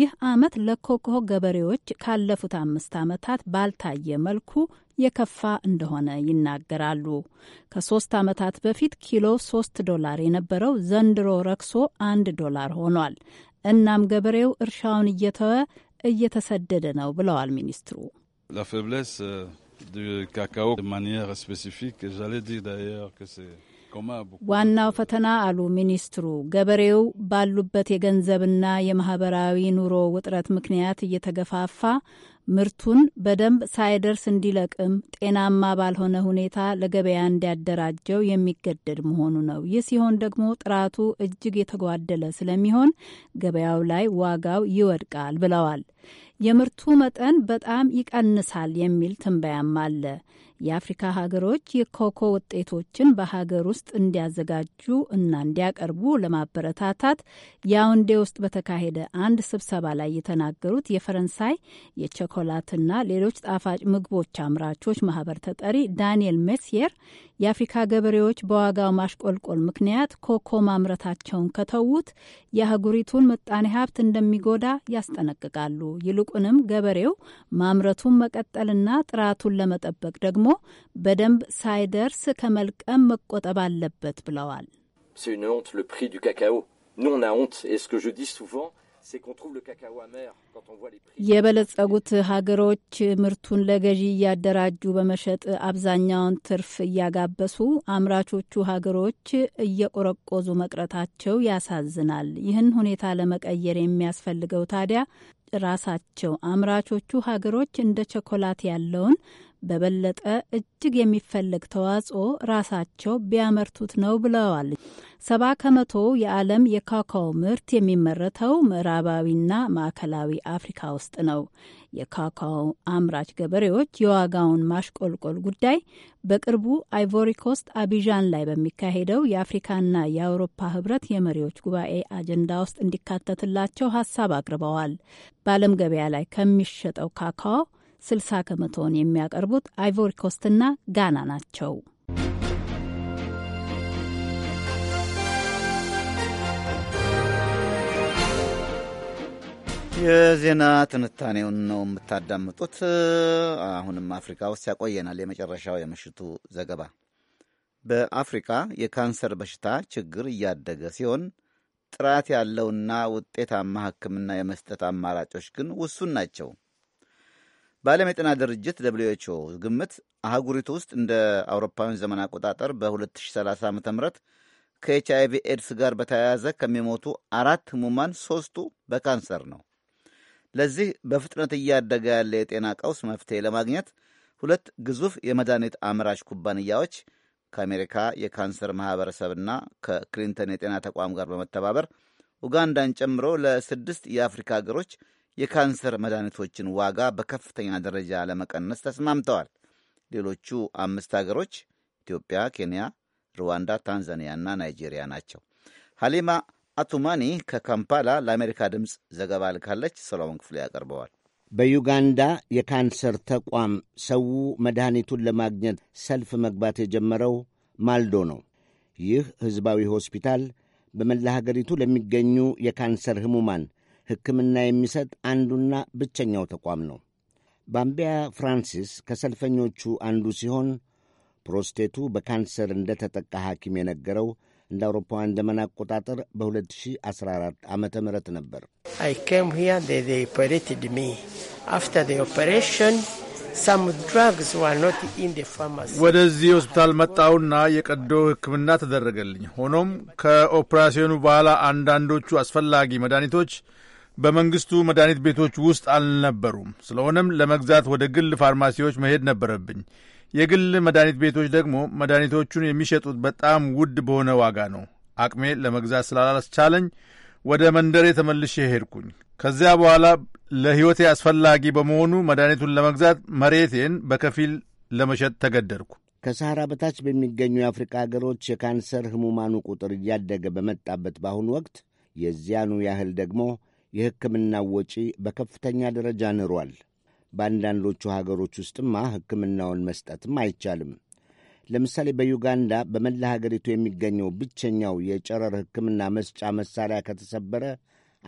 ይህ ዓመት ለኮኮ ገበሬዎች ካለፉት አምስት ዓመታት ባልታየ መልኩ የከፋ እንደሆነ ይናገራሉ። ከሶስት ዓመታት በፊት ኪሎ ሶስት ዶላር የነበረው ዘንድሮ ረክሶ አንድ ዶላር ሆኗል። እናም ገበሬው እርሻውን እየተወ እየተሰደደ ነው ብለዋል ሚኒስትሩ። euh, ዋናው ፈተና አሉ ሚኒስትሩ፣ ገበሬው ባሉበት የገንዘብና የማህበራዊ ኑሮ ውጥረት ምክንያት እየተገፋፋ ምርቱን በደንብ ሳይደርስ እንዲለቅም ጤናማ ባልሆነ ሁኔታ ለገበያ እንዲያደራጀው የሚገደድ መሆኑ ነው። ይህ ሲሆን ደግሞ ጥራቱ እጅግ የተጓደለ ስለሚሆን ገበያው ላይ ዋጋው ይወድቃል ብለዋል። የምርቱ መጠን በጣም ይቀንሳል የሚል ትንበያም አለ። የአፍሪካ ሀገሮች የኮኮ ውጤቶችን በሀገር ውስጥ እንዲያዘጋጁ እና እንዲያቀርቡ ለማበረታታት ያውንዴ ውስጥ በተካሄደ አንድ ስብሰባ ላይ የተናገሩት የፈረንሳይ የቸኮላትና ሌሎች ጣፋጭ ምግቦች አምራቾች ማህበር ተጠሪ ዳንኤል ሜሲየር የአፍሪካ ገበሬዎች በዋጋው ማሽቆልቆል ምክንያት ኮኮ ማምረታቸውን ከተዉት የአህጉሪቱን ምጣኔ ሀብት እንደሚጎዳ ያስጠነቅቃሉ። ይልቁንም ገበሬው ማምረቱን መቀጠልና ጥራቱን ለመጠበቅ ደግሞ በደንብ ሳይደርስ ከመልቀም መቆጠብ አለበት ብለዋል። የበለጸጉት ሀገሮች ምርቱን ለገዢ እያደራጁ በመሸጥ አብዛኛውን ትርፍ እያጋበሱ አምራቾቹ ሀገሮች እየቆረቆዙ መቅረታቸው ያሳዝናል። ይህን ሁኔታ ለመቀየር የሚያስፈልገው ታዲያ ራሳቸው አምራቾቹ ሀገሮች እንደ ቸኮላት ያለውን በበለጠ እጅግ የሚፈለግ ተዋጽኦ ራሳቸው ቢያመርቱት ነው ብለዋል። ሰባ ከመቶ የዓለም የካካው ምርት የሚመረተው ምዕራባዊና ማዕከላዊ አፍሪካ ውስጥ ነው። የካካው አምራች ገበሬዎች የዋጋውን ማሽቆልቆል ጉዳይ በቅርቡ አይቮሪኮስት አቢዣን ላይ በሚካሄደው የአፍሪካና የአውሮፓ ህብረት የመሪዎች ጉባኤ አጀንዳ ውስጥ እንዲካተትላቸው ሀሳብ አቅርበዋል። በዓለም ገበያ ላይ ከሚሸጠው ካካው 60 ከመቶውን የሚያቀርቡት አይቮሪኮስትና ጋና ናቸው። የዜና ትንታኔውን ነው የምታዳምጡት። አሁንም አፍሪካ ውስጥ ያቆየናል። የመጨረሻው የምሽቱ ዘገባ በአፍሪካ የካንሰር በሽታ ችግር እያደገ ሲሆን ጥራት ያለውና ውጤታማ ሕክምና የመስጠት አማራጮች ግን ውሱን ናቸው። በዓለም የጤና ድርጅት ደብልዩ ኤች ኦ ግምት አህጉሪቱ ውስጥ እንደ አውሮፓውያን ዘመን አቆጣጠር በ2030 ዓ ም ከኤች ኤድስ ጋር በተያያዘ ከሚሞቱ አራት ህሙማን ሶስቱ በካንሰር ነው። ለዚህ በፍጥነት እያደገ ያለ የጤና ቀውስ መፍትሄ ለማግኘት ሁለት ግዙፍ የመድኃኒት አምራች ኩባንያዎች ከአሜሪካ የካንሰር ማኅበረሰብና ከክሊንተን የጤና ተቋም ጋር በመተባበር ኡጋንዳን ጨምሮ ለስድስት የአፍሪካ ሀገሮች የካንሰር መድኃኒቶችን ዋጋ በከፍተኛ ደረጃ ለመቀነስ ተስማምተዋል። ሌሎቹ አምስት ሀገሮች ኢትዮጵያ፣ ኬንያ፣ ሩዋንዳ፣ ታንዛኒያ እና ናይጄሪያ ናቸው። ሀሊማ አቱማኒ ከካምፓላ ለአሜሪካ ድምፅ ዘገባ ልካለች። ሰሎሞን ክፍሌ ያቀርበዋል። በዩጋንዳ የካንሰር ተቋም ሰው መድኃኒቱን ለማግኘት ሰልፍ መግባት የጀመረው ማልዶ ነው። ይህ ሕዝባዊ ሆስፒታል በመላ ሀገሪቱ ለሚገኙ የካንሰር ህሙማን ሕክምና የሚሰጥ አንዱና ብቸኛው ተቋም ነው። ባምቢያ ፍራንሲስ ከሰልፈኞቹ አንዱ ሲሆን ፕሮስቴቱ በካንሰር እንደተጠቃ ሐኪም የነገረው እንደ አውሮፓውያን ዘመን አቆጣጠር በ2014 ዓ ም ነበር ወደዚህ ሆስፒታል መጣውና የቀዶ ሕክምና ተደረገልኝ። ሆኖም ከኦፕራሲዮኑ በኋላ አንዳንዶቹ አስፈላጊ መድኃኒቶች በመንግሥቱ መድኃኒት ቤቶች ውስጥ አልነበሩም። ስለሆነም ለመግዛት ወደ ግል ፋርማሲዎች መሄድ ነበረብኝ። የግል መድኃኒት ቤቶች ደግሞ መድኃኒቶቹን የሚሸጡት በጣም ውድ በሆነ ዋጋ ነው። አቅሜ ለመግዛት ስላላስቻለኝ ወደ መንደሬ ተመልሼ ሄድኩኝ። ከዚያ በኋላ ለሕይወቴ አስፈላጊ በመሆኑ መድኃኒቱን ለመግዛት መሬቴን በከፊል ለመሸጥ ተገደድኩ። ከሰሐራ በታች በሚገኙ የአፍሪካ አገሮች የካንሰር ሕሙማኑ ቁጥር እያደገ በመጣበት በአሁኑ ወቅት የዚያኑ ያህል ደግሞ የሕክምና ወጪ በከፍተኛ ደረጃ ንሯል። በአንዳንዶቹ ሀገሮች ውስጥማ ሕክምናውን መስጠትም አይቻልም። ለምሳሌ በዩጋንዳ በመላ ሀገሪቱ የሚገኘው ብቸኛው የጨረር ሕክምና መስጫ መሳሪያ ከተሰበረ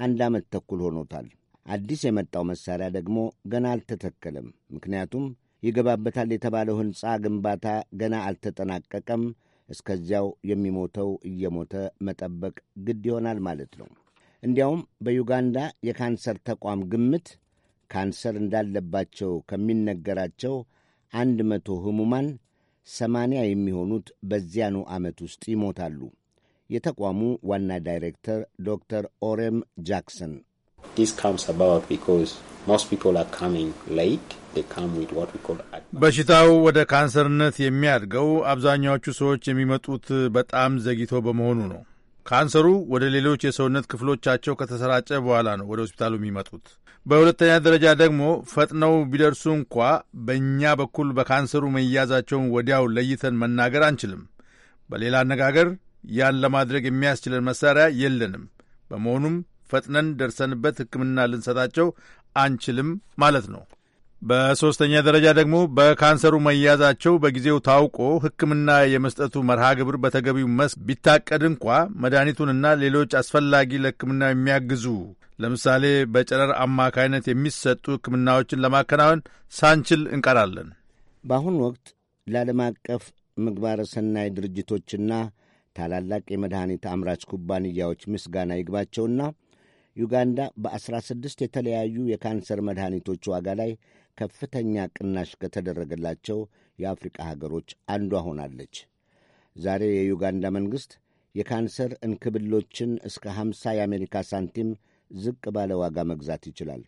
አንድ ዓመት ተኩል ሆኖታል። አዲስ የመጣው መሳሪያ ደግሞ ገና አልተተከለም። ምክንያቱም ይገባበታል የተባለው ሕንፃ ግንባታ ገና አልተጠናቀቀም። እስከዚያው የሚሞተው እየሞተ መጠበቅ ግድ ይሆናል ማለት ነው። እንዲያውም በዩጋንዳ የካንሰር ተቋም ግምት ካንሰር እንዳለባቸው ከሚነገራቸው አንድ መቶ ህሙማን ሰማንያ የሚሆኑት በዚያኑ ዓመት ውስጥ ይሞታሉ። የተቋሙ ዋና ዳይሬክተር ዶክተር ኦሬም ጃክሰን በሽታው ወደ ካንሰርነት የሚያድገው አብዛኛዎቹ ሰዎች የሚመጡት በጣም ዘግይቶ በመሆኑ ነው። ካንሰሩ ወደ ሌሎች የሰውነት ክፍሎቻቸው ከተሰራጨ በኋላ ነው ወደ ሆስፒታሉ የሚመጡት። በሁለተኛ ደረጃ ደግሞ ፈጥነው ቢደርሱ እንኳ በእኛ በኩል በካንሰሩ መያዛቸውን ወዲያው ለይተን መናገር አንችልም። በሌላ አነጋገር ያን ለማድረግ የሚያስችለን መሳሪያ የለንም። በመሆኑም ፈጥነን ደርሰንበት ሕክምና ልንሰጣቸው አንችልም ማለት ነው። በሶስተኛ ደረጃ ደግሞ በካንሰሩ መያዛቸው በጊዜው ታውቆ ሕክምና የመስጠቱ መርሃ ግብር በተገቢው መስክ ቢታቀድ እንኳ መድኃኒቱንና ሌሎች አስፈላጊ ለሕክምና የሚያግዙ ለምሳሌ በጨረር አማካይነት የሚሰጡ ሕክምናዎችን ለማከናወን ሳንችል እንቀራለን። በአሁኑ ወቅት ለዓለም አቀፍ ምግባረ ሰናይ ድርጅቶችና ታላላቅ የመድኃኒት አምራች ኩባንያዎች ምስጋና ይግባቸውና ዩጋንዳ በ16 የተለያዩ የካንሰር መድኃኒቶች ዋጋ ላይ ከፍተኛ ቅናሽ ከተደረገላቸው የአፍሪቃ ሀገሮች አንዷ ሆናለች። ዛሬ የዩጋንዳ መንግሥት የካንሰር እንክብሎችን እስከ 50 የአሜሪካ ሳንቲም ዝቅ ባለ ዋጋ መግዛት ይችላል።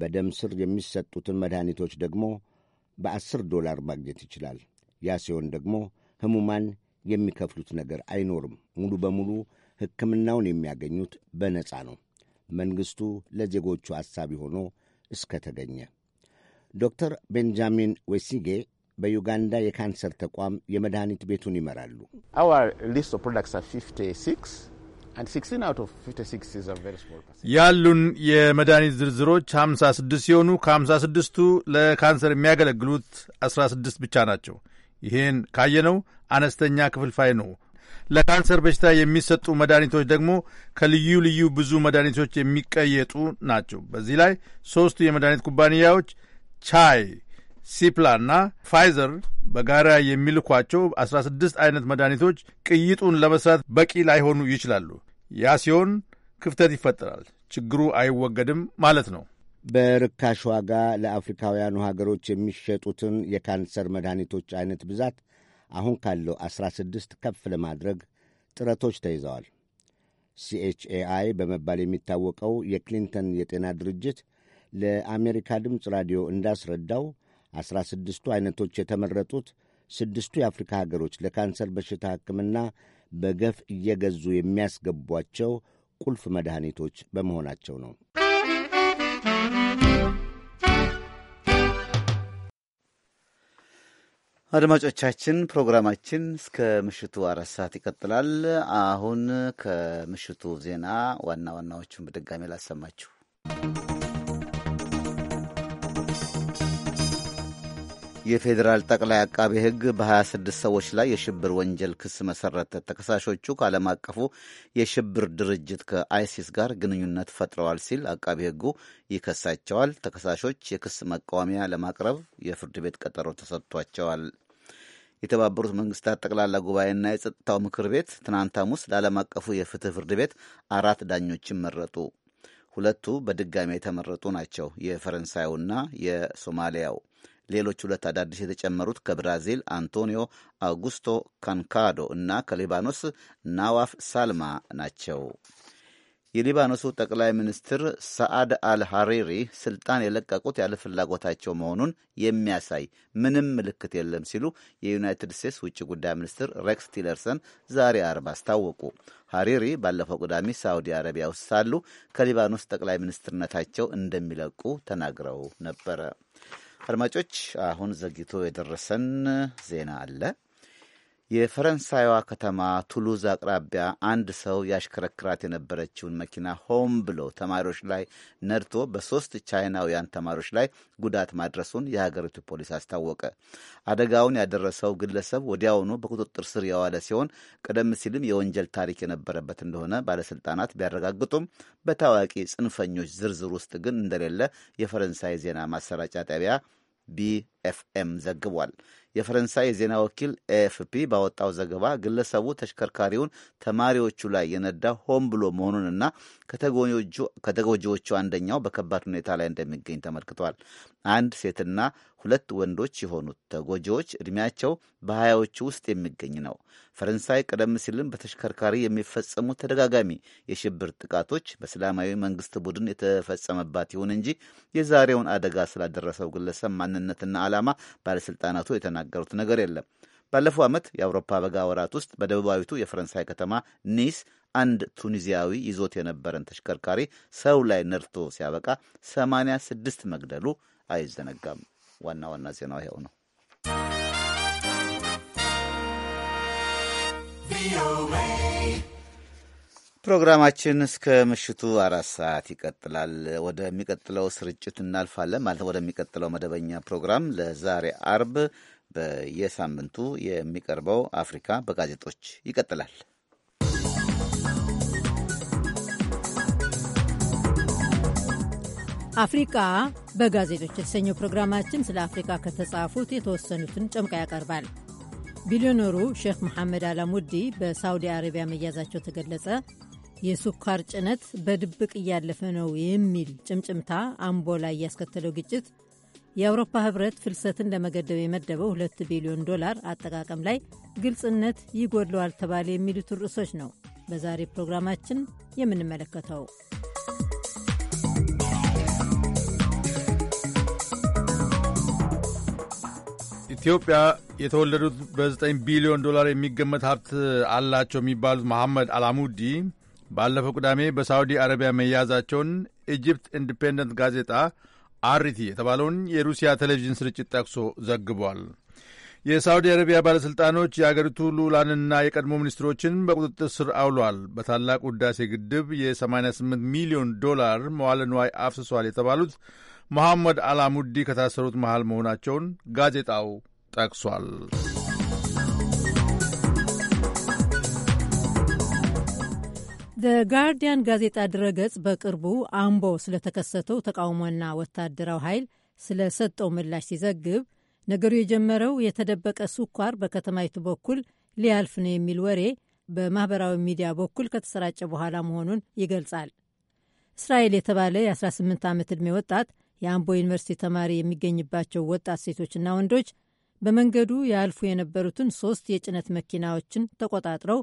በደም ስር የሚሰጡትን መድኃኒቶች ደግሞ በ10 ዶላር ማግኘት ይችላል። ያ ሲሆን ደግሞ ሕሙማን የሚከፍሉት ነገር አይኖርም። ሙሉ በሙሉ ሕክምናውን የሚያገኙት በነፃ ነው። መንግሥቱ ለዜጎቹ አሳቢ ሆኖ እስከ ተገኘ ዶክተር ቤንጃሚን ዌሲጌ በዩጋንዳ የካንሰር ተቋም የመድኃኒት ቤቱን ይመራሉ። ያሉን የመድኃኒት ዝርዝሮች 56 ሲሆኑ ከ56ቱ ለካንሰር የሚያገለግሉት 16 ብቻ ናቸው። ይህን ካየነው አነስተኛ ክፍልፋይ ነው። ለካንሰር በሽታ የሚሰጡ መድኃኒቶች ደግሞ ከልዩ ልዩ ብዙ መድኃኒቶች የሚቀየጡ ናቸው። በዚህ ላይ ሦስቱ የመድኃኒት ኩባንያዎች ቻይ ሲፕላ እና ፋይዘር በጋራ የሚልኳቸው 16 አይነት መድኃኒቶች ቅይጡን ለመስራት በቂ ላይሆኑ ይችላሉ። ያ ሲሆን ክፍተት ይፈጠራል። ችግሩ አይወገድም ማለት ነው። በርካሽ ዋጋ ለአፍሪካውያኑ ሀገሮች የሚሸጡትን የካንሰር መድኃኒቶች አይነት ብዛት አሁን ካለው 16 ከፍ ለማድረግ ጥረቶች ተይዘዋል። ሲኤችኤአይ በመባል የሚታወቀው የክሊንተን የጤና ድርጅት ለአሜሪካ ድምፅ ራዲዮ እንዳስረዳው አስራ ስድስቱ አይነቶች የተመረጡት ስድስቱ የአፍሪካ ሀገሮች ለካንሰር በሽታ ሕክምና በገፍ እየገዙ የሚያስገቧቸው ቁልፍ መድኃኒቶች በመሆናቸው ነው። አድማጮቻችን ፕሮግራማችን እስከ ምሽቱ አራት ሰዓት ይቀጥላል። አሁን ከምሽቱ ዜና ዋና ዋናዎቹን በድጋሚ ላሰማችሁ። የፌዴራል ጠቅላይ አቃቤ ሕግ በ26 ሰዎች ላይ የሽብር ወንጀል ክስ መሰረተ። ተከሳሾቹ ከዓለም አቀፉ የሽብር ድርጅት ከአይሲስ ጋር ግንኙነት ፈጥረዋል ሲል አቃቤ ሕጉ ይከሳቸዋል። ተከሳሾች የክስ መቃወሚያ ለማቅረብ የፍርድ ቤት ቀጠሮ ተሰጥቷቸዋል። የተባበሩት መንግስታት ጠቅላላ ጉባኤና የጸጥታው ምክር ቤት ትናንት ሐሙስ ለዓለም አቀፉ የፍትህ ፍርድ ቤት አራት ዳኞችን መረጡ። ሁለቱ በድጋሚ የተመረጡ ናቸው፣ የፈረንሳዩና የሶማሊያው። ሌሎች ሁለት አዳዲስ የተጨመሩት ከብራዚል አንቶኒዮ አውጉስቶ ካንካዶ እና ከሊባኖስ ናዋፍ ሳልማ ናቸው። የሊባኖሱ ጠቅላይ ሚኒስትር ሰዓድ አልሐሪሪ ስልጣን የለቀቁት ያለ ፍላጎታቸው መሆኑን የሚያሳይ ምንም ምልክት የለም ሲሉ የዩናይትድ ስቴትስ ውጭ ጉዳይ ሚኒስትር ሬክስ ቲለርሰን ዛሬ አርብ አስታወቁ። ሐሪሪ ባለፈው ቅዳሜ ሳዑዲ አረቢያ ውስጥ ሳሉ ከሊባኖስ ጠቅላይ ሚኒስትርነታቸው እንደሚለቁ ተናግረው ነበረ። አድማጮች፣ አሁን ዘግይቶ የደረሰን ዜና አለ። የፈረንሳይዋ ከተማ ቱሉዝ አቅራቢያ አንድ ሰው ያሽከረክራት የነበረችውን መኪና ሆም ብሎ ተማሪዎች ላይ ነድቶ በሶስት ቻይናውያን ተማሪዎች ላይ ጉዳት ማድረሱን የሀገሪቱ ፖሊስ አስታወቀ። አደጋውን ያደረሰው ግለሰብ ወዲያውኑ በቁጥጥር ስር የዋለ ሲሆን ቀደም ሲልም የወንጀል ታሪክ የነበረበት እንደሆነ ባለስልጣናት ቢያረጋግጡም በታዋቂ ጽንፈኞች ዝርዝር ውስጥ ግን እንደሌለ የፈረንሳይ ዜና ማሰራጫ ጣቢያ ቢኤፍኤም ዘግቧል። የፈረንሳይ የዜና ወኪል ኤኤፍፒ ባወጣው ዘገባ ግለሰቡ ተሽከርካሪውን ተማሪዎቹ ላይ የነዳ ሆን ብሎ መሆኑንና ከተጎጂዎቹ አንደኛው በከባድ ሁኔታ ላይ እንደሚገኝ ተመልክቷል። አንድ ሴትና ሁለት ወንዶች የሆኑት ተጎጂዎች ዕድሜያቸው በሀያዎቹ ውስጥ የሚገኝ ነው። ፈረንሳይ ቀደም ሲልም በተሽከርካሪ የሚፈጸሙ ተደጋጋሚ የሽብር ጥቃቶች በእስላማዊ መንግስት ቡድን የተፈጸመባት ይሁን እንጂ የዛሬውን አደጋ ስላደረሰው ግለሰብ ማንነትና ዓላማ ባለሥልጣናቱ የተናገሩት ነገር የለም። ባለፈው ዓመት የአውሮፓ በጋ ወራት ውስጥ በደቡባዊቱ የፈረንሳይ ከተማ ኒስ አንድ ቱኒዚያዊ ይዞት የነበረን ተሽከርካሪ ሰው ላይ ንርቶ ሲያበቃ 86 መግደሉ አይዘነጋም። ዋና ዋና ዜናው ይኸው ነው። ፕሮግራማችን እስከ ምሽቱ አራት ሰዓት ይቀጥላል። ወደሚቀጥለው ስርጭት እናልፋለን። ማለት ወደሚቀጥለው መደበኛ ፕሮግራም ለዛሬ አርብ በየሳምንቱ የሚቀርበው አፍሪካ በጋዜጦች ይቀጥላል። አፍሪካ በጋዜጦች የተሰኘው ፕሮግራማችን ስለ አፍሪካ ከተጻፉት የተወሰኑትን ጨምቃ ያቀርባል። ቢሊዮነሩ ሼክ መሐመድ አላሙዲ በሳውዲ አረቢያ መያዛቸው ተገለጸ፣ የስኳር ጭነት በድብቅ እያለፈ ነው የሚል ጭምጭምታ አምቦ ላይ ያስከተለው ግጭት፣ የአውሮፓ ህብረት ፍልሰትን ለመገደብ የመደበው ሁለት ቢሊዮን ዶላር አጠቃቀም ላይ ግልጽነት ይጎድለዋል ተባለ የሚሉትን ርዕሶች ነው በዛሬ ፕሮግራማችን የምንመለከተው። ኢትዮጵያ የተወለዱት በ9 ቢሊዮን ዶላር የሚገመት ሀብት አላቸው የሚባሉት መሐመድ አላሙዲ ባለፈው ቅዳሜ በሳውዲ አረቢያ መያዛቸውን ኢጅፕት ኢንዲፔንደንት ጋዜጣ አሪቲ የተባለውን የሩሲያ ቴሌቪዥን ስርጭት ጠቅሶ ዘግቧል። የሳውዲ አረቢያ ባለሥልጣኖች የአገሪቱ ልዑላንና የቀድሞ ሚኒስትሮችን በቁጥጥር ስር አውሏል። በታላቁ ሕዳሴ ግድብ የ88 ሚሊዮን ዶላር መዋለ ንዋይ አፍስሷል የተባሉት መሐመድ አላሙዲ ከታሰሩት መሃል መሆናቸውን ጋዜጣው ጠቅሷል። ዘ ጋርዲያን ጋዜጣ ድረገጽ በቅርቡ አምቦ ስለተከሰተው ተቃውሞና ወታደራዊ ኃይል ስለሰጠው ምላሽ ሲዘግብ ነገሩ የጀመረው የተደበቀ ስኳር በከተማይቱ በኩል ሊያልፍ ነው የሚል ወሬ በማኅበራዊ ሚዲያ በኩል ከተሰራጨ በኋላ መሆኑን ይገልጻል። እስራኤል የተባለ የ18 ዓመት ዕድሜ ወጣት የአምቦ ዩኒቨርሲቲ ተማሪ የሚገኝባቸው ወጣት ሴቶችና ወንዶች በመንገዱ ያልፉ የነበሩትን ሶስት የጭነት መኪናዎችን ተቆጣጥረው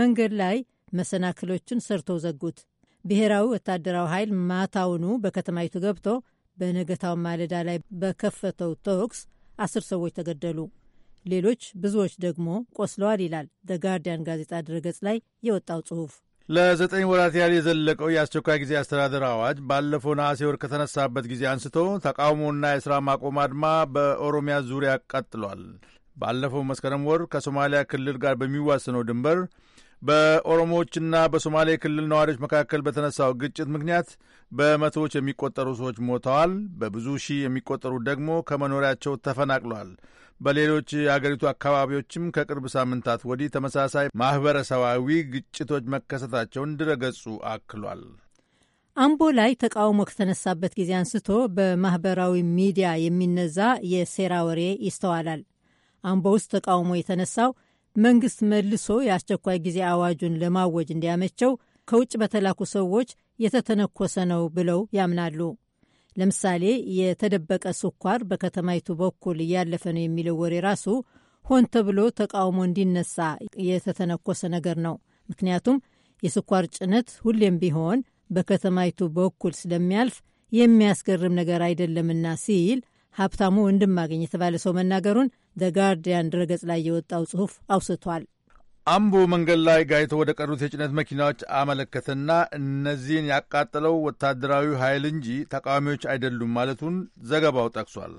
መንገድ ላይ መሰናክሎችን ሰርተው ዘጉት። ብሔራዊ ወታደራዊ ኃይል ማታውኑ በከተማይቱ ገብቶ በነገታው ማለዳ ላይ በከፈተው ተኩስ አስር ሰዎች ተገደሉ፣ ሌሎች ብዙዎች ደግሞ ቆስለዋል ይላል ዘ ጋርዲያን ጋዜጣ ድረገጽ ላይ የወጣው ጽሑፍ። ለዘጠኝ ወራት ያህል የዘለቀው የአስቸኳይ ጊዜ አስተዳደር አዋጅ ባለፈው ነሐሴ ወር ከተነሳበት ጊዜ አንስቶ ተቃውሞና የሥራ ማቆም አድማ በኦሮሚያ ዙሪያ ቀጥሏል። ባለፈው መስከረም ወር ከሶማሊያ ክልል ጋር በሚዋሰነው ድንበር በኦሮሞዎችና በሶማሌ ክልል ነዋሪዎች መካከል በተነሳው ግጭት ምክንያት በመቶዎች የሚቆጠሩ ሰዎች ሞተዋል። በብዙ ሺህ የሚቆጠሩ ደግሞ ከመኖሪያቸው ተፈናቅለዋል። በሌሎች የአገሪቱ አካባቢዎችም ከቅርብ ሳምንታት ወዲህ ተመሳሳይ ማኅበረሰባዊ ግጭቶች መከሰታቸውን ድረገጹ አክሏል። አምቦ ላይ ተቃውሞ ከተነሳበት ጊዜ አንስቶ በማኅበራዊ ሚዲያ የሚነዛ የሴራ ወሬ ይስተዋላል። አምቦ ውስጥ ተቃውሞ የተነሳው መንግሥት መልሶ የአስቸኳይ ጊዜ አዋጁን ለማወጅ እንዲያመቸው ከውጭ በተላኩ ሰዎች የተተነኮሰ ነው ብለው ያምናሉ። ለምሳሌ የተደበቀ ስኳር በከተማይቱ በኩል እያለፈ ነው የሚለው ወሬ ራሱ ሆን ተብሎ ተቃውሞ እንዲነሳ የተተነኮሰ ነገር ነው። ምክንያቱም የስኳር ጭነት ሁሌም ቢሆን በከተማይቱ በኩል ስለሚያልፍ የሚያስገርም ነገር አይደለምና ሲል ሀብታሙ ወንድማገኝ የተባለ ሰው መናገሩን ዘ ጋርዲያን ድረገጽ ላይ የወጣው ጽሑፍ አውስቷል። አምቦ መንገድ ላይ ጋይቶ ወደ ቀሩት የጭነት መኪናዎች አመለከተና እነዚህን ያቃጠለው ወታደራዊ ኃይል እንጂ ተቃዋሚዎች አይደሉም ማለቱን ዘገባው ጠቅሷል።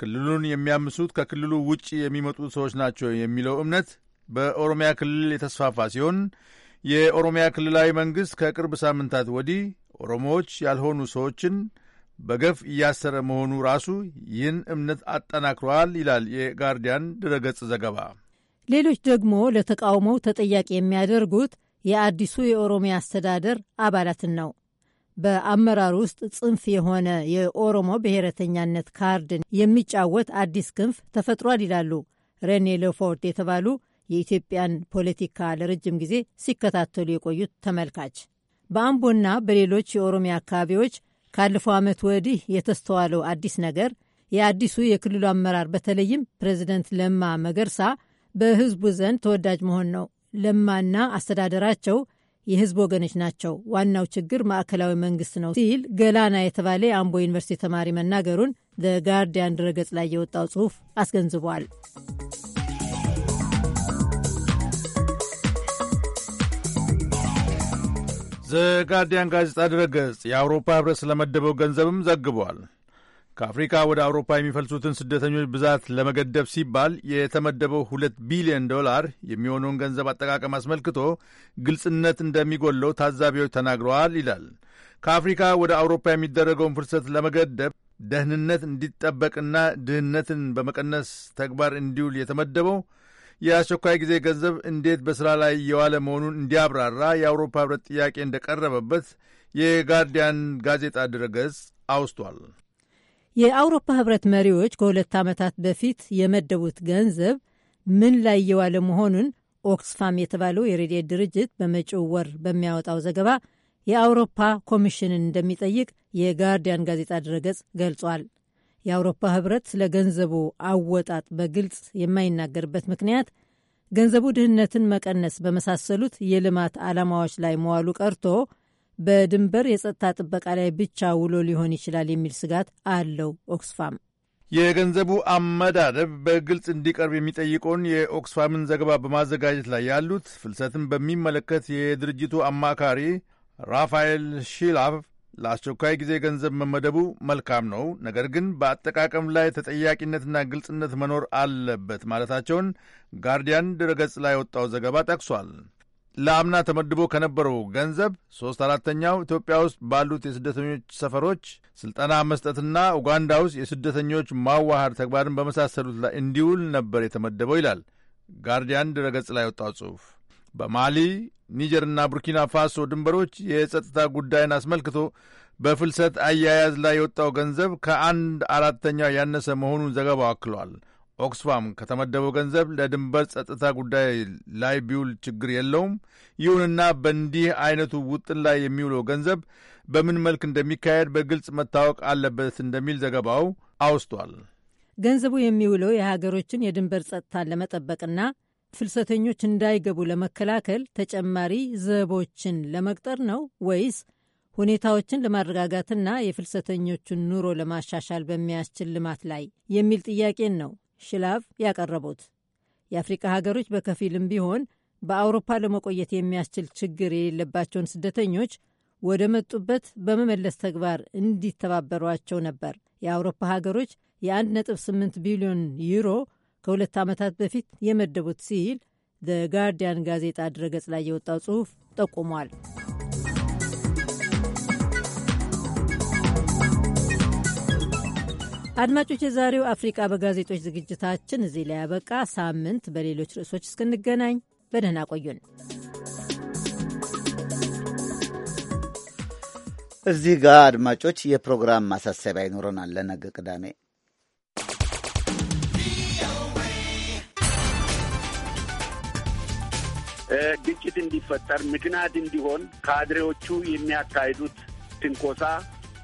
ክልሉን የሚያምሱት ከክልሉ ውጭ የሚመጡ ሰዎች ናቸው የሚለው እምነት በኦሮሚያ ክልል የተስፋፋ ሲሆን የኦሮሚያ ክልላዊ መንግሥት ከቅርብ ሳምንታት ወዲህ ኦሮሞዎች ያልሆኑ ሰዎችን በገፍ እያሰረ መሆኑ ራሱ ይህን እምነት አጠናክረዋል ይላል የጋርዲያን ድረገጽ ዘገባ። ሌሎች ደግሞ ለተቃውሞው ተጠያቂ የሚያደርጉት የአዲሱ የኦሮሚያ አስተዳደር አባላትን ነው። በአመራር ውስጥ ጽንፍ የሆነ የኦሮሞ ብሔረተኛነት ካርድን የሚጫወት አዲስ ክንፍ ተፈጥሯል ይላሉ ሬኔ ሎፎርድ የተባሉ የኢትዮጵያን ፖለቲካ ለረጅም ጊዜ ሲከታተሉ የቆዩት ተመልካች። በአምቦና በሌሎች የኦሮሚያ አካባቢዎች ካለፈው ዓመት ወዲህ የተስተዋለው አዲስ ነገር የአዲሱ የክልሉ አመራር በተለይም ፕሬዚደንት ለማ መገርሳ በህዝቡ ዘንድ ተወዳጅ መሆን ነው። ለማና አስተዳደራቸው የህዝብ ወገኖች ናቸው። ዋናው ችግር ማዕከላዊ መንግስት ነው ሲል ገላና የተባለ የአምቦ ዩኒቨርሲቲ ተማሪ መናገሩን ጋርዲያን ድረገጽ ላይ የወጣው ጽሑፍ አስገንዝቧል። ጋርዲያን ጋዜጣ ድረገጽ የአውሮፓ ህብረት ስለመደበው ገንዘብም ዘግቧል። ከአፍሪካ ወደ አውሮፓ የሚፈልሱትን ስደተኞች ብዛት ለመገደብ ሲባል የተመደበው ሁለት ቢሊዮን ዶላር የሚሆነውን ገንዘብ አጠቃቀም አስመልክቶ ግልጽነት እንደሚጎለው ታዛቢዎች ተናግረዋል ይላል። ከአፍሪካ ወደ አውሮፓ የሚደረገውን ፍልሰት ለመገደብ ደህንነት እንዲጠበቅና ድህነትን በመቀነስ ተግባር እንዲውል የተመደበው የአስቸኳይ ጊዜ ገንዘብ እንዴት በሥራ ላይ እየዋለ መሆኑን እንዲያብራራ የአውሮፓ ኅብረት ጥያቄ እንደቀረበበት የጋርዲያን ጋዜጣ ድረገጽ አውስቷል። የአውሮፓ ህብረት መሪዎች ከሁለት ዓመታት በፊት የመደቡት ገንዘብ ምን ላይ የዋለ መሆኑን ኦክስፋም የተባለው የረድኤት ድርጅት በመጪው ወር በሚያወጣው ዘገባ የአውሮፓ ኮሚሽንን እንደሚጠይቅ የጋርዲያን ጋዜጣ ድረገጽ ገልጿል። የአውሮፓ ህብረት ስለ ገንዘቡ አወጣጥ በግልጽ የማይናገርበት ምክንያት ገንዘቡ ድህነትን መቀነስ በመሳሰሉት የልማት ዓላማዎች ላይ መዋሉ ቀርቶ በድንበር የጸጥታ ጥበቃ ላይ ብቻ ውሎ ሊሆን ይችላል የሚል ስጋት አለው ኦክስፋም። የገንዘቡ አመዳደብ በግልጽ እንዲቀርብ የሚጠይቀውን የኦክስፋምን ዘገባ በማዘጋጀት ላይ ያሉት ፍልሰትን በሚመለከት የድርጅቱ አማካሪ ራፋኤል ሺላቭ ለአስቸኳይ ጊዜ ገንዘብ መመደቡ መልካም ነው፣ ነገር ግን በአጠቃቀም ላይ ተጠያቂነትና ግልጽነት መኖር አለበት ማለታቸውን ጋርዲያን ድረገጽ ላይ ወጣው ዘገባ ጠቅሷል። ለአምና ተመድቦ ከነበረው ገንዘብ ሦስት አራተኛው ኢትዮጵያ ውስጥ ባሉት የስደተኞች ሰፈሮች ስልጠና መስጠትና ኡጋንዳ ውስጥ የስደተኞች ማዋሃድ ተግባርን በመሳሰሉት ላይ እንዲውል ነበር የተመደበው ይላል ጋርዲያን ድረገጽ ላይ ወጣው ጽሑፍ። በማሊ ኒጀርና ቡርኪና ፋሶ ድንበሮች የጸጥታ ጉዳይን አስመልክቶ በፍልሰት አያያዝ ላይ የወጣው ገንዘብ ከአንድ አራተኛው ያነሰ መሆኑን ዘገባው አክሏል። ኦክስፋም ከተመደበው ገንዘብ ለድንበር ጸጥታ ጉዳይ ላይ ቢውል ችግር የለውም። ይሁንና በእንዲህ አይነቱ ውጥን ላይ የሚውለው ገንዘብ በምን መልክ እንደሚካሄድ በግልጽ መታወቅ አለበት እንደሚል ዘገባው አውስቷል። ገንዘቡ የሚውለው የሀገሮችን የድንበር ጸጥታን ለመጠበቅና ፍልሰተኞች እንዳይገቡ ለመከላከል ተጨማሪ ዘቦችን ለመቅጠር ነው ወይስ ሁኔታዎችን ለማረጋጋትና የፍልሰተኞቹን ኑሮ ለማሻሻል በሚያስችል ልማት ላይ የሚል ጥያቄን ነው ሽላቭ ያቀረቡት። የአፍሪካ ሀገሮች በከፊልም ቢሆን በአውሮፓ ለመቆየት የሚያስችል ችግር የሌለባቸውን ስደተኞች ወደ መጡበት በመመለስ ተግባር እንዲተባበሯቸው ነበር የአውሮፓ ሀገሮች የ1.8 ቢሊዮን ዩሮ ከሁለት ዓመታት በፊት የመደቡት ሲል ዘ ጋርዲያን ጋዜጣ ድረገጽ ላይ የወጣው ጽሑፍ ጠቁሟል። አድማጮች፣ የዛሬው አፍሪቃ በጋዜጦች ዝግጅታችን እዚህ ላይ ያበቃ። ሳምንት በሌሎች ርዕሶች እስክንገናኝ በደህና ቆዩን። እዚህ ጋር አድማጮች የፕሮግራም ማሳሰቢያ ይኖረናል። ለነገ ቅዳሜ ግጭት እንዲፈጠር ምክንያት እንዲሆን ካድሬዎቹ የሚያካሂዱት ትንኮሳ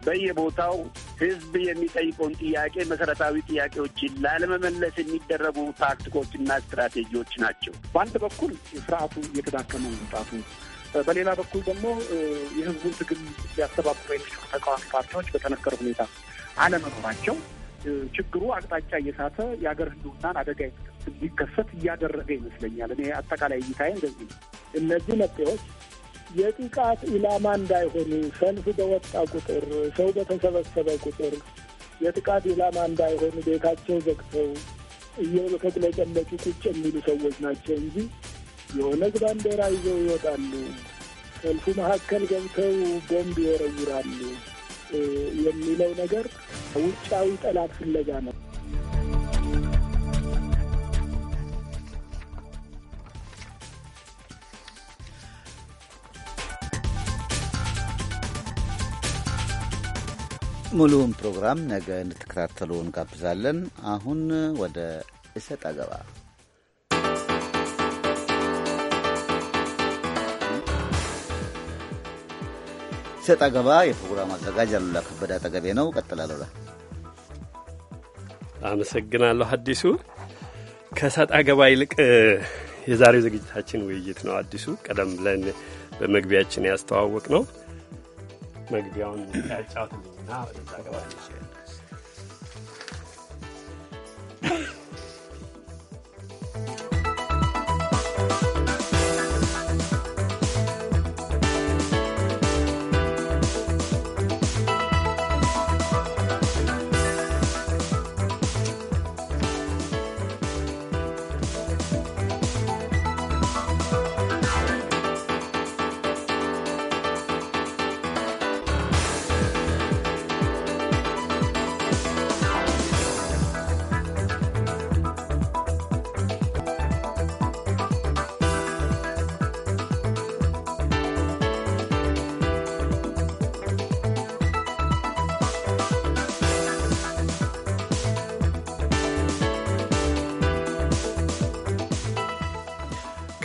በየቦታው ህዝብ የሚጠይቀውን ጥያቄ መሰረታዊ ጥያቄዎችን ላለመመለስ የሚደረጉ ታክቲኮችና ስትራቴጂዎች ናቸው። በአንድ በኩል ስርዓቱ እየተዳከመ መምጣቱ፣ በሌላ በኩል ደግሞ የህዝቡን ትግል ሊያስተባብሩ የሚችሉ ተቃዋሚ ፓርቲዎች በጠነከረ ሁኔታ አለመኖራቸው ችግሩ አቅጣጫ እየሳተ የሀገር ህልውናን አደጋ እንዲከሰት እያደረገ ይመስለኛል። እኔ አጠቃላይ እይታዬ እንደዚህ ነው። እነዚህ መጤዎች የጥቃት ኢላማ እንዳይሆኑ ሰልፍ በወጣ ቁጥር፣ ሰው በተሰበሰበ ቁጥር የጥቃት ኢላማ እንዳይሆኑ ቤታቸው ዘግተው እየተቁለጨለጩ ቁጭ የሚሉ ሰዎች ናቸው እንጂ የኦነግ ባንዲራ ይዘው ይወጣሉ፣ ሰልፉ መካከል ገብተው ቦምብ ይወረውራሉ የሚለው ነገር ውጫዊ ጠላት ፍለጋ ነው። ሙሉውን ፕሮግራም ነገ እንድትከታተሉ እንጋብዛለን። አሁን ወደ እሰጥ አገባ እሰጥ አገባ የፕሮግራም አዘጋጅ አሉላ ከበደ አጠገቤ ነው። ቀጥል አመሰግናለሁ አዲሱ። ከእሰጥ አገባ ይልቅ የዛሬው ዝግጅታችን ውይይት ነው። አዲሱ ቀደም ብለን በመግቢያችን ያስተዋወቅ ነው መግቢያውን ያጫውትልኝና ወደዛ ገባለች።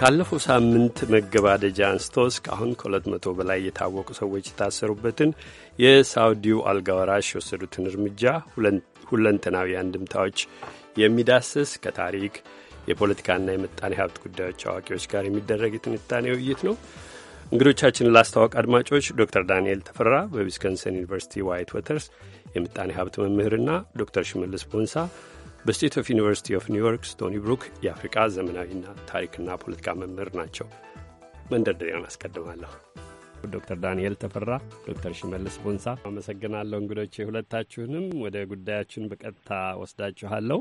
ካለፈው ሳምንት መገባደጃ አንስቶ እስካሁን ከሁለት መቶ በላይ የታወቁ ሰዎች የታሰሩበትን የሳውዲው አልጋወራሽ የወሰዱትን እርምጃ ሁለንተናዊ አንድምታዎች የሚዳስስ ከታሪክ የፖለቲካና የምጣኔ ሀብት ጉዳዮች አዋቂዎች ጋር የሚደረግ የትንታኔ ውይይት ነው። እንግዶቻችንን ላስተዋወቅ አድማጮች፣ ዶክተር ዳንኤል ተፈራ በዊስኮንሰን ዩኒቨርሲቲ ዋይት ወተርስ የምጣኔ ሀብት መምህርና ዶክተር ሽመልስ ቦንሳ በስቴት ኦፍ ዩኒቨርሲቲ ኦፍ ኒውዮርክ ስቶኒ ብሩክ የአፍሪቃ ዘመናዊና ታሪክና ፖለቲካ መምህር ናቸው። መንደርደሪያን አስቀድማለሁ። ዶክተር ዳንኤል ተፈራ፣ ዶክተር ሽመልስ ቦንሳ አመሰግናለሁ። እንግዶች የሁለታችሁንም ወደ ጉዳያችን በቀጥታ ወስዳችኋለሁ።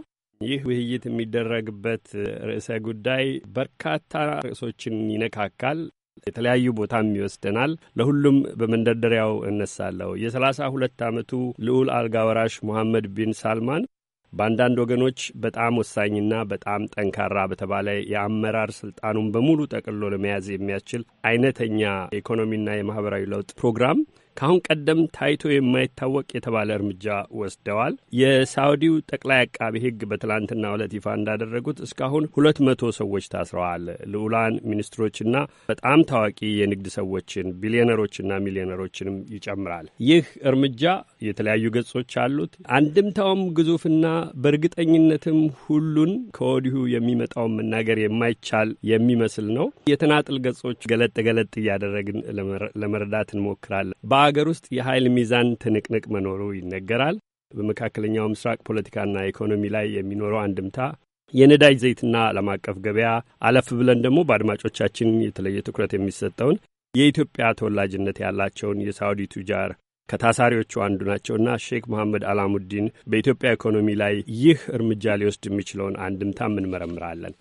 ይህ ውይይት የሚደረግበት ርዕሰ ጉዳይ በርካታ ርዕሶችን ይነካካል። የተለያዩ ቦታም ይወስደናል። ለሁሉም በመንደርደሪያው እነሳለሁ። የሰላሳ ሁለት ዓመቱ ልዑል አልጋ ወራሽ ሙሐመድ ቢን ሳልማን በአንዳንድ ወገኖች በጣም ወሳኝና በጣም ጠንካራ በተባለ የአመራር ስልጣኑን በሙሉ ጠቅሎ ለመያዝ የሚያስችል አይነተኛ የኢኮኖሚና የማህበራዊ ለውጥ ፕሮግራም ከአሁን ቀደም ታይቶ የማይታወቅ የተባለ እርምጃ ወስደዋል። የሳውዲው ጠቅላይ አቃቢ ሕግ በትላንትና ዕለት ይፋ እንዳደረጉት እስካሁን ሁለት መቶ ሰዎች ታስረዋል። ልዑላን ሚኒስትሮችና በጣም ታዋቂ የንግድ ሰዎችን ቢሊዮነሮችና ሚሊዮነሮችንም ይጨምራል። ይህ እርምጃ የተለያዩ ገጾች አሉት። አንድምታውም ግዙፍና በእርግጠኝነትም ሁሉን ከወዲሁ የሚመጣውን መናገር የማይቻል የሚመስል ነው። የተናጥል ገጾች ገለጥ ገለጥ እያደረግን ለመረዳት እንሞክራለን። በአገር ውስጥ የኃይል ሚዛን ትንቅንቅ መኖሩ ይነገራል። በመካከለኛው ምስራቅ ፖለቲካና ኢኮኖሚ ላይ የሚኖረው አንድምታ የነዳጅ ዘይትና ዓለም አቀፍ ገበያ አለፍ ብለን ደግሞ በአድማጮቻችን የተለየ ትኩረት የሚሰጠውን የኢትዮጵያ ተወላጅነት ያላቸውን የሳውዲ ቱጃር ከታሳሪዎቹ አንዱ ናቸውና ሼክ መሐመድ አላሙዲን በኢትዮጵያ ኢኮኖሚ ላይ ይህ እርምጃ ሊወስድ የሚችለውን አንድምታ እንመረምራለን።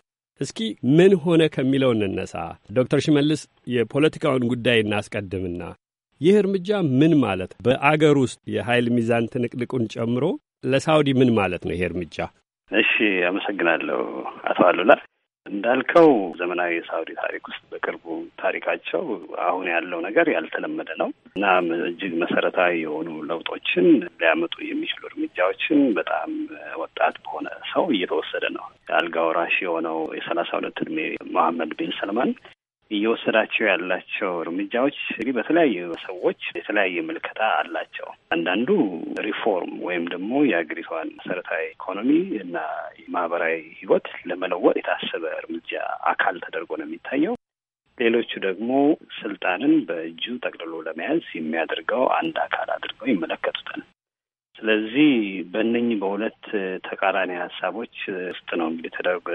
እስኪ ምን ሆነ ከሚለው እንነሳ። ዶክተር ሽመልስ የፖለቲካውን ጉዳይ እናስቀድምና ይህ እርምጃ ምን ማለት በአገር ውስጥ የኃይል ሚዛን ትንቅንቁን ጨምሮ ለሳውዲ ምን ማለት ነው ይሄ እርምጃ? እሺ አመሰግናለሁ አቶ አሉላ። እንዳልከው ዘመናዊ የሳውዲ ታሪክ ውስጥ በቅርቡ ታሪካቸው አሁን ያለው ነገር ያልተለመደ ነው እና እጅግ መሰረታዊ የሆኑ ለውጦችን ሊያመጡ የሚችሉ እርምጃዎችን በጣም ወጣት በሆነ ሰው እየተወሰደ ነው። አልጋ ወራሽ የሆነው የሰላሳ ሁለት እድሜ መሐመድ ቢን ሰልማን እየወሰዳቸው ያላቸው እርምጃዎች እንግዲህ በተለያዩ ሰዎች የተለያየ ምልከታ አላቸው። አንዳንዱ ሪፎርም ወይም ደግሞ የሀገሪቷን መሰረታዊ ኢኮኖሚ እና ማህበራዊ ህይወት ለመለወጥ የታሰበ እርምጃ አካል ተደርጎ ነው የሚታየው። ሌሎቹ ደግሞ ስልጣንን በእጁ ጠቅልሎ ለመያዝ የሚያደርገው አንድ አካል አድርገው ይመለከቱታል። ስለዚህ በእነኝህ በሁለት ተቃራኒ ሀሳቦች ውስጥ ነው እንግዲህ ተደርጎ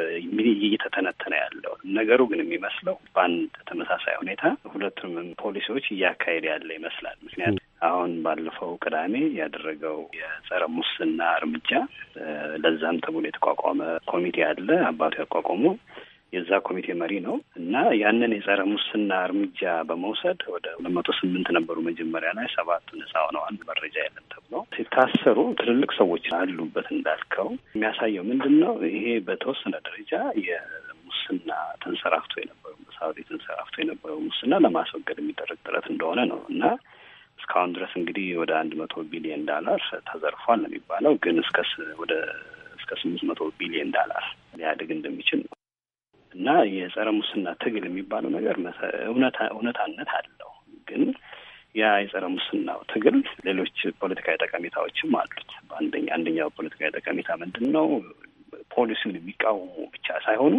እየተተነተነ ያለው ነገሩ ግን የሚመስለው በአንድ ተመሳሳይ ሁኔታ ሁለቱንም ፖሊሲዎች እያካሄደ ያለ ይመስላል። ምክንያቱም አሁን ባለፈው ቅዳሜ ያደረገው የጸረ ሙስና እርምጃ ለዛም ተብሎ የተቋቋመ ኮሚቴ አለ አባቱ ያቋቋሙ የዛ ኮሚቴ መሪ ነው እና ያንን የጸረ ሙስና እርምጃ በመውሰድ ወደ ሁለት መቶ ስምንት ነበሩ መጀመሪያ ላይ ሰባት ነጻ ሆነዋል። መረጃ የለም ተብሎ ሲታሰሩ ትልልቅ ሰዎች አሉበት እንዳልከው የሚያሳየው ምንድን ነው? ይሄ በተወሰነ ደረጃ የሙስና ተንሰራፍቶ የነበረው በሳውዲ ተንሰራፍቶ የነበረው ሙስና ለማስወገድ የሚደረግ ጥረት እንደሆነ ነው እና እስካሁን ድረስ እንግዲህ ወደ አንድ መቶ ቢሊዮን ዳላር ተዘርፏል ነው የሚባለው ግን እስከ ወደ እስከ ስምንት መቶ ቢሊዮን ዳላር ሊያድግ እንደሚችል ነው እና የጸረ ሙስና ትግል የሚባለው ነገር እውነታነት አለው ግን ያ የጸረ ሙስናው ትግል ሌሎች ፖለቲካዊ ጠቀሜታዎችም አሉት። አንደኛ አንደኛው ፖለቲካዊ ጠቀሜታ ምንድን ነው? ፖሊሲውን የሚቃወሙ ብቻ ሳይሆኑ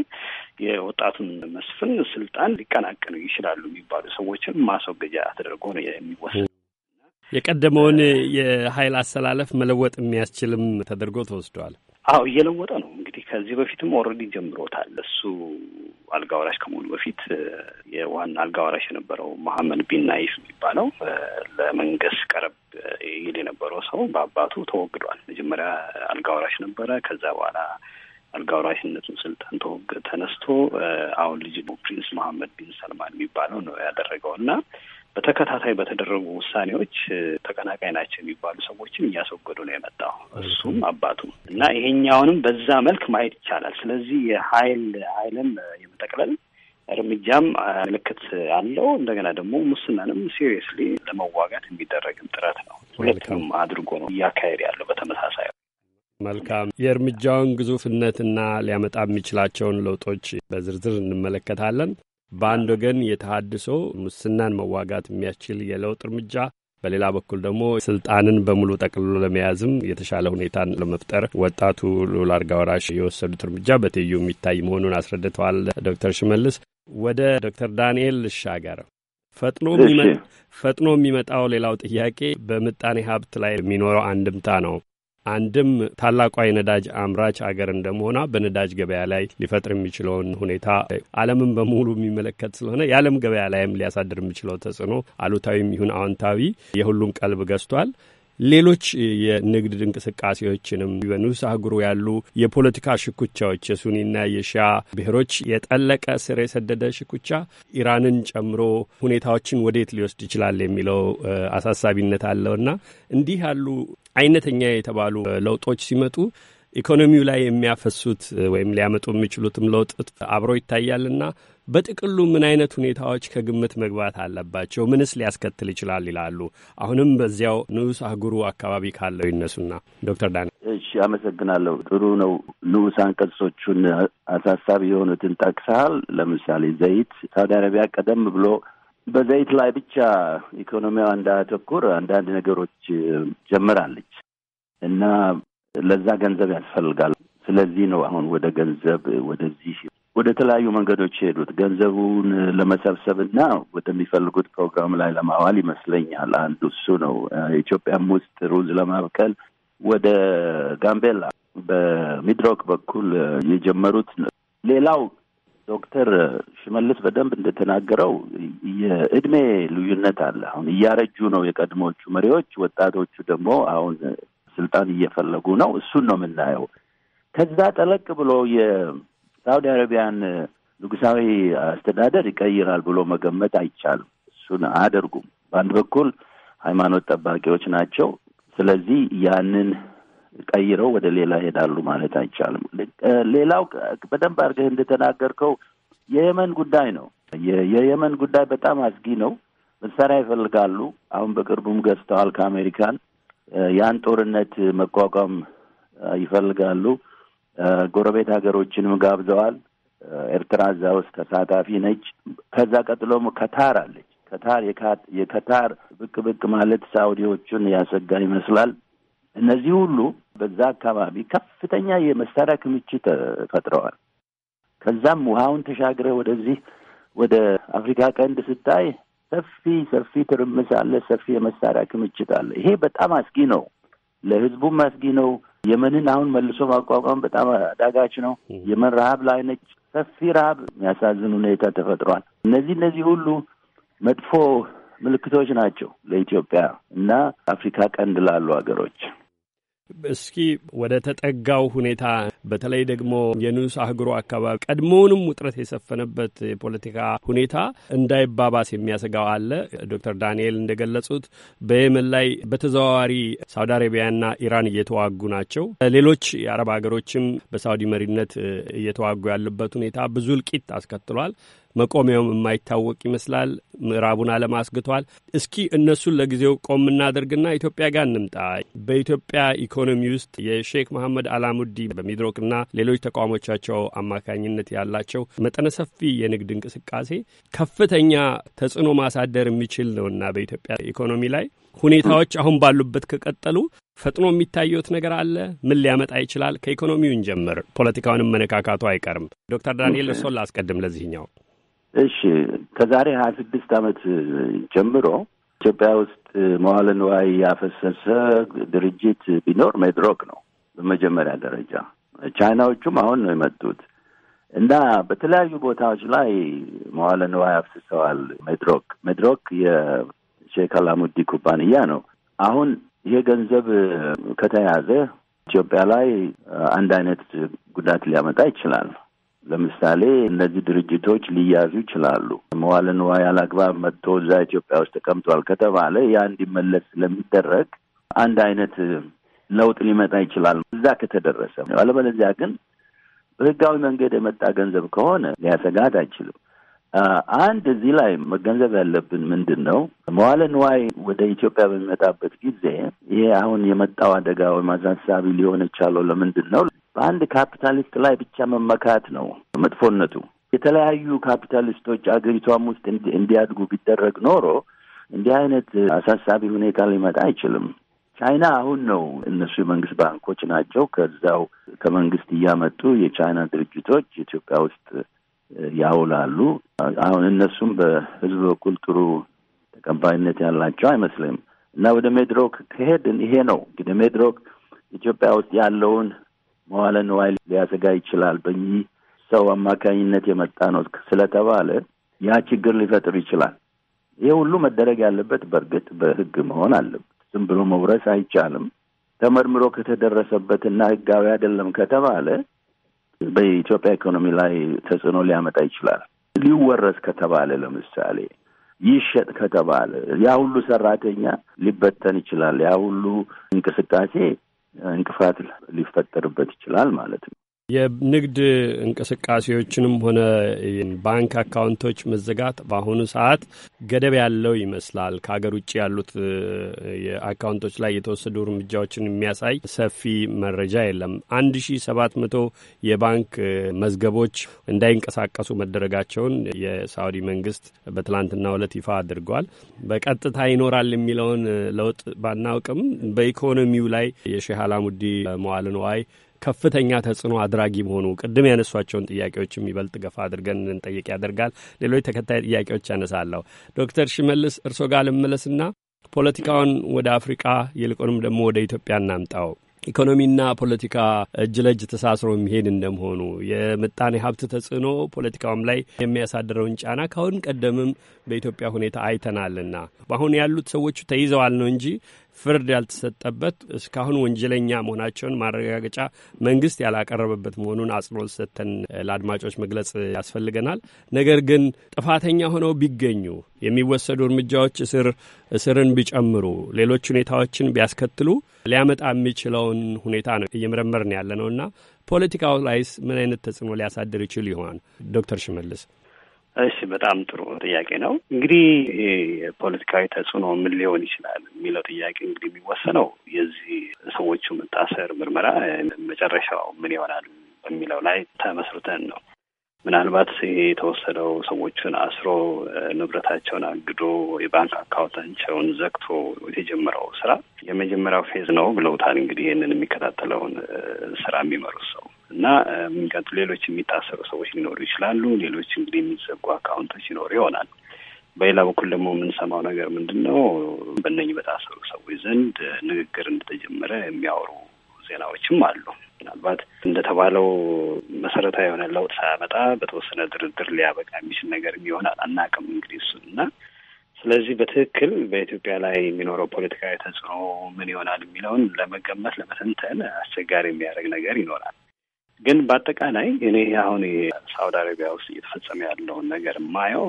የወጣቱን መስፍን ስልጣን ሊቀናቀኑ ይችላሉ የሚባሉ ሰዎችን ማስወገጃ ተደርጎ ነው የሚወሰድ የቀደመውን የኃይል አሰላለፍ መለወጥ የሚያስችልም ተደርጎ ተወስደዋል። አዎ እየለወጠ ነው። ከዚህ በፊትም ኦልሬዲ ጀምሮታል። እሱ አልጋ ወራሽ ከመሆኑ በፊት የዋና አልጋ የነበረው መሐመድ ቢን ናይፍ የሚባለው ለመንገስ ቀረብ ይል የነበረው ሰው በአባቱ ተወግዷል። መጀመሪያ አልጋወራሽ ነበረ። ከዛ በኋላ አልጋወራሽነቱን ስልጣን ተወግ ተነስቶ አሁን ልጅ ፕሪንስ መሐመድ ቢን ሰልማን የሚባለው ነው ያደረገው እና በተከታታይ በተደረጉ ውሳኔዎች ተቀናቃይ ናቸው የሚባሉ ሰዎችን እያስወገዱ ነው የመጣው እሱም አባቱም እና ይሄኛውንም በዛ መልክ ማየት ይቻላል። ስለዚህ የሀይል ሀይልን የመጠቅለል እርምጃም ምልክት አለው። እንደገና ደግሞ ሙስናንም ሲሪየስሊ ለመዋጋት የሚደረግም ጥረት ነው። ሁለቱም አድርጎ ነው እያካሄድ ያለው በተመሳሳይ መልካም የእርምጃውን ግዙፍነትና ሊያመጣ የሚችላቸውን ለውጦች በዝርዝር እንመለከታለን። በአንድ ወገን የተሃድሶ ሙስናን መዋጋት የሚያስችል የለውጥ እርምጃ በሌላ በኩል ደግሞ ስልጣንን በሙሉ ጠቅልሎ ለመያዝም የተሻለ ሁኔታን ለመፍጠር ወጣቱ ልዑል አልጋ ወራሽ የወሰዱት እርምጃ በትይዩ የሚታይ መሆኑን አስረድተዋል ዶክተር ሽመልስ። ወደ ዶክተር ዳንኤል ልሻገር። ፈጥኖ የሚመጣው ሌላው ጥያቄ በምጣኔ ሀብት ላይ የሚኖረው አንድምታ ነው። አንድም ታላቋ የነዳጅ አምራች አገር እንደመሆኗ በነዳጅ ገበያ ላይ ሊፈጥር የሚችለውን ሁኔታ ዓለምን በሙሉ የሚመለከት ስለሆነ የዓለም ገበያ ላይም ሊያሳድር የሚችለው ተጽዕኖ አሉታዊም ይሁን አዎንታዊ የሁሉም ቀልብ ገዝቷል። ሌሎች የንግድ እንቅስቃሴዎችንም በንዑስ አህጉሩ ያሉ የፖለቲካ ሽኩቻዎች የሱኒና የሺያ ብሔሮች የጠለቀ ስር የሰደደ ሽኩቻ ኢራንን ጨምሮ ሁኔታዎችን ወዴት ሊወስድ ይችላል የሚለው አሳሳቢነት አለውና እንዲህ ያሉ አይነተኛ የተባሉ ለውጦች ሲመጡ ኢኮኖሚው ላይ የሚያፈሱት ወይም ሊያመጡ የሚችሉትም ለውጥ አብሮ ይታያልና በጥቅሉ ምን አይነት ሁኔታዎች ከግምት መግባት አለባቸው? ምንስ ሊያስከትል ይችላል ይላሉ። አሁንም በዚያው ንዑስ አህጉሩ አካባቢ ካለው ይነሱና ዶክተር ዳን። እሺ፣ አመሰግናለሁ። ጥሩ ነው። ንዑስ አንቀጾቹን አሳሳቢ የሆኑትን ጠቅሰሃል። ለምሳሌ ዘይት፣ ሳውዲ አረቢያ ቀደም ብሎ በዘይት ላይ ብቻ ኢኮኖሚዋ እንዳያተኩር አንዳንድ ነገሮች ጀምራለች እና ለዛ ገንዘብ ያስፈልጋል። ስለዚህ ነው አሁን ወደ ገንዘብ ወደዚህ ወደ ተለያዩ መንገዶች የሄዱት ገንዘቡን ለመሰብሰብ እና ወደሚፈልጉት ፕሮግራም ላይ ለማዋል ይመስለኛል። አንዱ እሱ ነው። ኢትዮጵያም ውስጥ ሩዝ ለማብቀል ወደ ጋምቤላ በሚድሮክ በኩል የጀመሩት። ሌላው ዶክተር ሽመልስ በደንብ እንደተናገረው የእድሜ ልዩነት አለ። አሁን እያረጁ ነው የቀድሞቹ መሪዎች፣ ወጣቶቹ ደግሞ አሁን ስልጣን እየፈለጉ ነው። እሱን ነው የምናየው። ከዛ ጠለቅ ብሎ ሳውዲ አረቢያን ንጉሳዊ አስተዳደር ይቀይራል ብሎ መገመት አይቻልም። እሱን አያደርጉም። በአንድ በኩል ሃይማኖት ጠባቂዎች ናቸው። ስለዚህ ያንን ቀይረው ወደ ሌላ ሄዳሉ ማለት አይቻልም። ሌላው በደንብ አድርገህ እንደተናገርከው የየመን ጉዳይ ነው። የየመን ጉዳይ በጣም አስጊ ነው። መሳሪያ ይፈልጋሉ። አሁን በቅርቡም ገዝተዋል ከአሜሪካን። ያን ጦርነት መቋቋም ይፈልጋሉ። ጎረቤት ሀገሮችንም ጋብዘዋል። ኤርትራ እዛ ውስጥ ተሳታፊ ነች። ከዛ ቀጥሎም ከታር አለች። ከታር የከታር ብቅ ብቅ ማለት ሳውዲዎቹን ያሰጋ ይመስላል። እነዚህ ሁሉ በዛ አካባቢ ከፍተኛ የመሳሪያ ክምችት ፈጥረዋል። ከዛም ውሃውን ተሻግረ ወደዚህ ወደ አፍሪካ ቀንድ ስታይ ሰፊ ሰፊ ትርምስ አለ። ሰፊ የመሳሪያ ክምችት አለ። ይሄ በጣም አስጊ ነው። ለህዝቡም መስጊ ነው። የመንን አሁን መልሶ ማቋቋም በጣም አዳጋች ነው። የመን ረሀብ ላይ ነች። ሰፊ ረሀብ የሚያሳዝን ሁኔታ ተፈጥሯል። እነዚህ እነዚህ ሁሉ መጥፎ ምልክቶች ናቸው ለኢትዮጵያ እና አፍሪካ ቀንድ ላሉ ሀገሮች። እስኪ ወደ ተጠጋው ሁኔታ በተለይ ደግሞ የንዑስ አህጉሩ አካባቢ ቀድሞውንም ውጥረት የሰፈነበት የፖለቲካ ሁኔታ እንዳይባባስ የሚያሰጋው አለ። ዶክተር ዳንኤል እንደገለጹት በየመን ላይ በተዘዋዋሪ ሳውዲ አረቢያና ኢራን እየተዋጉ ናቸው። ሌሎች የአረብ ሀገሮችም በሳውዲ መሪነት እየተዋጉ ያሉበት ሁኔታ ብዙ እልቂት አስከትሏል። መቆሚያውም የማይታወቅ ይመስላል። ምዕራቡን ዓለም አስግቷል። እስኪ እነሱን ለጊዜው ቆም እናደርግና ኢትዮጵያ ጋር እንምጣ። በኢትዮጵያ ኢኮኖሚ ውስጥ የሼክ መሐመድ አላሙዲ በሚድሮክና ሌሎች ተቋሞቻቸው አማካኝነት ያላቸው መጠነ ሰፊ የንግድ እንቅስቃሴ ከፍተኛ ተጽዕኖ ማሳደር የሚችል ነውና በኢትዮጵያ ኢኮኖሚ ላይ ሁኔታዎች አሁን ባሉበት ከቀጠሉ ፈጥኖ የሚታየት ነገር አለ። ምን ሊያመጣ ይችላል? ከኢኮኖሚውን ጀምር ፖለቲካውንም መነካካቱ አይቀርም። ዶክተር ዳንኤል እርሶን ላስቀድም ለዚህኛው እሺ ከዛሬ ሀያ ስድስት ዓመት ጀምሮ ኢትዮጵያ ውስጥ መዋለ ንዋይ ያፈሰሰ ድርጅት ቢኖር ሜድሮክ ነው በመጀመሪያ ደረጃ። ቻይናዎቹም አሁን ነው የመጡት እና በተለያዩ ቦታዎች ላይ መዋለ ንዋይ አፍስሰዋል። ሜድሮክ ሜድሮክ የሼክ አላሙዲ ኩባንያ ነው። አሁን ይሄ ገንዘብ ከተያዘ ኢትዮጵያ ላይ አንድ አይነት ጉዳት ሊያመጣ ይችላል። ለምሳሌ እነዚህ ድርጅቶች ሊያዙ ይችላሉ። መዋለ ንዋይ ያላግባብ መጥቶ እዛ ኢትዮጵያ ውስጥ ተቀምጧል ከተባለ ያ እንዲመለስ ስለሚደረግ አንድ አይነት ለውጥ ሊመጣ ይችላል እዛ ከተደረሰ። አለበለዚያ ግን በህጋዊ መንገድ የመጣ ገንዘብ ከሆነ ሊያሰጋት አይችልም። አንድ እዚህ ላይ መገንዘብ ያለብን ምንድን ነው፣ መዋለ ንዋይ ወደ ኢትዮጵያ በሚመጣበት ጊዜ ይሄ አሁን የመጣው አደጋ ወይም አሳሳቢ ሊሆን የቻለው ለምንድን ነው? በአንድ ካፒታሊስት ላይ ብቻ መመካት ነው መጥፎነቱ። የተለያዩ ካፒታሊስቶች አገሪቷም ውስጥ እንዲያድጉ ቢደረግ ኖሮ እንዲህ አይነት አሳሳቢ ሁኔታ ሊመጣ አይችልም። ቻይና አሁን ነው እነሱ የመንግስት ባንኮች ናቸው። ከዛው ከመንግስት እያመጡ የቻይና ድርጅቶች ኢትዮጵያ ውስጥ ያውላሉ። አሁን እነሱም በህዝብ በኩል ጥሩ ተቀባይነት ያላቸው አይመስልም እና ወደ ሜድሮክ ከሄድን ይሄ ነው እንግዲህ ሜድሮክ ኢትዮጵያ ውስጥ ያለውን መዋለ ንዋይ ሊያሰጋ ይችላል በኚህ ሰው አማካኝነት የመጣ ነው ስለተባለ ያ ችግር ሊፈጥር ይችላል። ይህ ሁሉ መደረግ ያለበት በእርግጥ በህግ መሆን አለበት። ዝም ብሎ መውረስ አይቻልም። ተመርምሮ ከተደረሰበትና ህጋዊ አይደለም ከተባለ በኢትዮጵያ ኢኮኖሚ ላይ ተጽዕኖ ሊያመጣ ይችላል። ሊወረስ ከተባለ ለምሳሌ ይሸጥ ከተባለ ያ ሁሉ ሰራተኛ ሊበተን ይችላል። ያ ሁሉ እንቅስቃሴ እንቅፋት ሊፈጠርበት ይችላል ማለት ነው። የንግድ እንቅስቃሴዎችንም ሆነ ባንክ አካውንቶች መዘጋት በአሁኑ ሰዓት ገደብ ያለው ይመስላል። ከሀገር ውጭ ያሉት አካውንቶች ላይ የተወሰዱ እርምጃዎችን የሚያሳይ ሰፊ መረጃ የለም። አንድ ሺ ሰባት መቶ የባንክ መዝገቦች እንዳይንቀሳቀሱ መደረጋቸውን የሳዲ መንግስት በትላንትና ዕለት ይፋ አድርጓል። በቀጥታ ይኖራል የሚለውን ለውጥ ባናውቅም በኢኮኖሚው ላይ የሼህ አላሙዲ መዋልን ዋይ ከፍተኛ ተጽዕኖ አድራጊ መሆኑ ቅድም ያነሷቸውን ጥያቄዎች የሚበልጥ ገፋ አድርገን እንጠይቅ ያደርጋል። ሌሎች ተከታይ ጥያቄዎች ያነሳለሁ። ዶክተር ሽመልስ እርስዎ ጋር ልመለስና ፖለቲካውን ወደ አፍሪቃ ይልቁንም ደግሞ ወደ ኢትዮጵያ እናምጣው። ኢኮኖሚና ፖለቲካ እጅ ለእጅ ተሳስሮ የሚሄድ እንደመሆኑ የምጣኔ ሀብት ተጽዕኖ ፖለቲካውም ላይ የሚያሳድረውን ጫና ከአሁን ቀደምም በኢትዮጵያ ሁኔታ አይተናልና በአሁን ያሉት ሰዎቹ ተይዘዋል ነው እንጂ ፍርድ ያልተሰጠበት እስካሁን ወንጀለኛ መሆናቸውን ማረጋገጫ መንግስት ያላቀረበበት መሆኑን አጽንኦት ሰጥተን ለአድማጮች መግለጽ ያስፈልገናል። ነገር ግን ጥፋተኛ ሆነው ቢገኙ የሚወሰዱ እርምጃዎች እስር እስርን ቢጨምሩ፣ ሌሎች ሁኔታዎችን ቢያስከትሉ ሊያመጣ የሚችለውን ሁኔታ ነው እየመረመርን ያለ ነውና ፖለቲካው ላይስ ምን አይነት ተጽዕኖ ሊያሳድር ይችል ይሆን? ዶክተር ሽመልስ እሺ በጣም ጥሩ ጥያቄ ነው። እንግዲህ ፖለቲካዊ የፖለቲካዊ ተጽዕኖ ምን ሊሆን ይችላል የሚለው ጥያቄ እንግዲህ የሚወሰነው የዚህ ሰዎቹ መታሰር ምርመራ መጨረሻው ምን ይሆናል በሚለው ላይ ተመስርተን ነው። ምናልባት ይሄ የተወሰደው ሰዎቹን አስሮ ንብረታቸውን አግዶ የባንክ አካውንታቸውን ዘግቶ የተጀመረው ስራ የመጀመሪያው ፌዝ ነው ብለውታል። እንግዲህ ይህንን የሚከታተለውን ስራ የሚመሩት ሰው እና የሚቀጥሉ ሌሎች የሚታሰሩ ሰዎች ሊኖሩ ይችላሉ። ሌሎች እንግዲህ የሚዘጉ አካውንቶች ይኖሩ ይሆናል። በሌላ በኩል ደግሞ የምንሰማው ነገር ምንድን ነው? በእነኝህ በታሰሩ ሰዎች ዘንድ ንግግር እንደተጀመረ የሚያወሩ ዜናዎችም አሉ። ምናልባት እንደተባለው መሰረታዊ የሆነ ለውጥ ሳያመጣ በተወሰነ ድርድር ሊያበቃ የሚችል ነገር የሚሆን አናቅም እንግዲህ እሱን እና ስለዚህ በትክክል በኢትዮጵያ ላይ የሚኖረው ፖለቲካዊ ተጽዕኖ ምን ይሆናል የሚለውን ለመገመት ለመተንተን አስቸጋሪ የሚያደርግ ነገር ይኖራል። ግን በአጠቃላይ እኔ አሁን ሳውዲ አረቢያ ውስጥ እየተፈጸመ ያለውን ነገር የማየው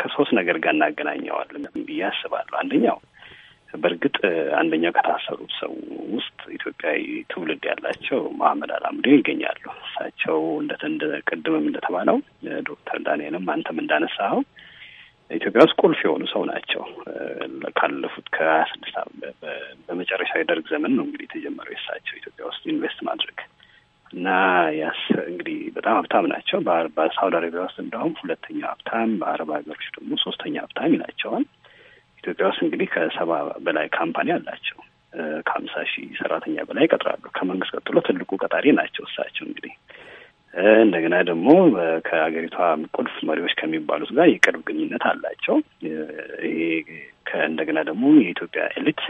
ከሶስት ነገር ጋር እናገናኘዋል ብዬ አስባለሁ። አንደኛው በእርግጥ አንደኛው ከታሰሩት ሰው ውስጥ ኢትዮጵያዊ ትውልድ ያላቸው መሀመድ አላሙዲ ይገኛሉ። እሳቸው እንደተንደ ቅድምም እንደተባለው ዶክተር ዳንኤልም አንተም እንዳነሳኸው ኢትዮጵያ ውስጥ ቁልፍ የሆኑ ሰው ናቸው። ካለፉት ከሀያ ስድስት በመጨረሻ የደርግ ዘመን ነው እንግዲህ የተጀመረው የእሳቸው ኢትዮጵያ ውስጥ ኢንቨስት ማድረግ እና ያስ እንግዲህ በጣም ሀብታም ናቸው። በሳውዲ አረቢያ ውስጥ እንደውም ሁለተኛው ሀብታም፣ በአረብ ሀገሮች ደግሞ ሶስተኛ ሀብታም ይላቸዋል። ኢትዮጵያ ውስጥ እንግዲህ ከሰባ በላይ ካምፓኒ አላቸው። ከሀምሳ ሺህ ሰራተኛ በላይ ይቀጥራሉ። ከመንግስት ቀጥሎ ትልቁ ቀጣሪ ናቸው እሳቸው እንግዲህ እንደገና ደግሞ ከሀገሪቷ ቁልፍ መሪዎች ከሚባሉት ጋር የቅርብ ግንኙነት አላቸው። ይሄ እንደገና ደግሞ የኢትዮጵያ ኤሊት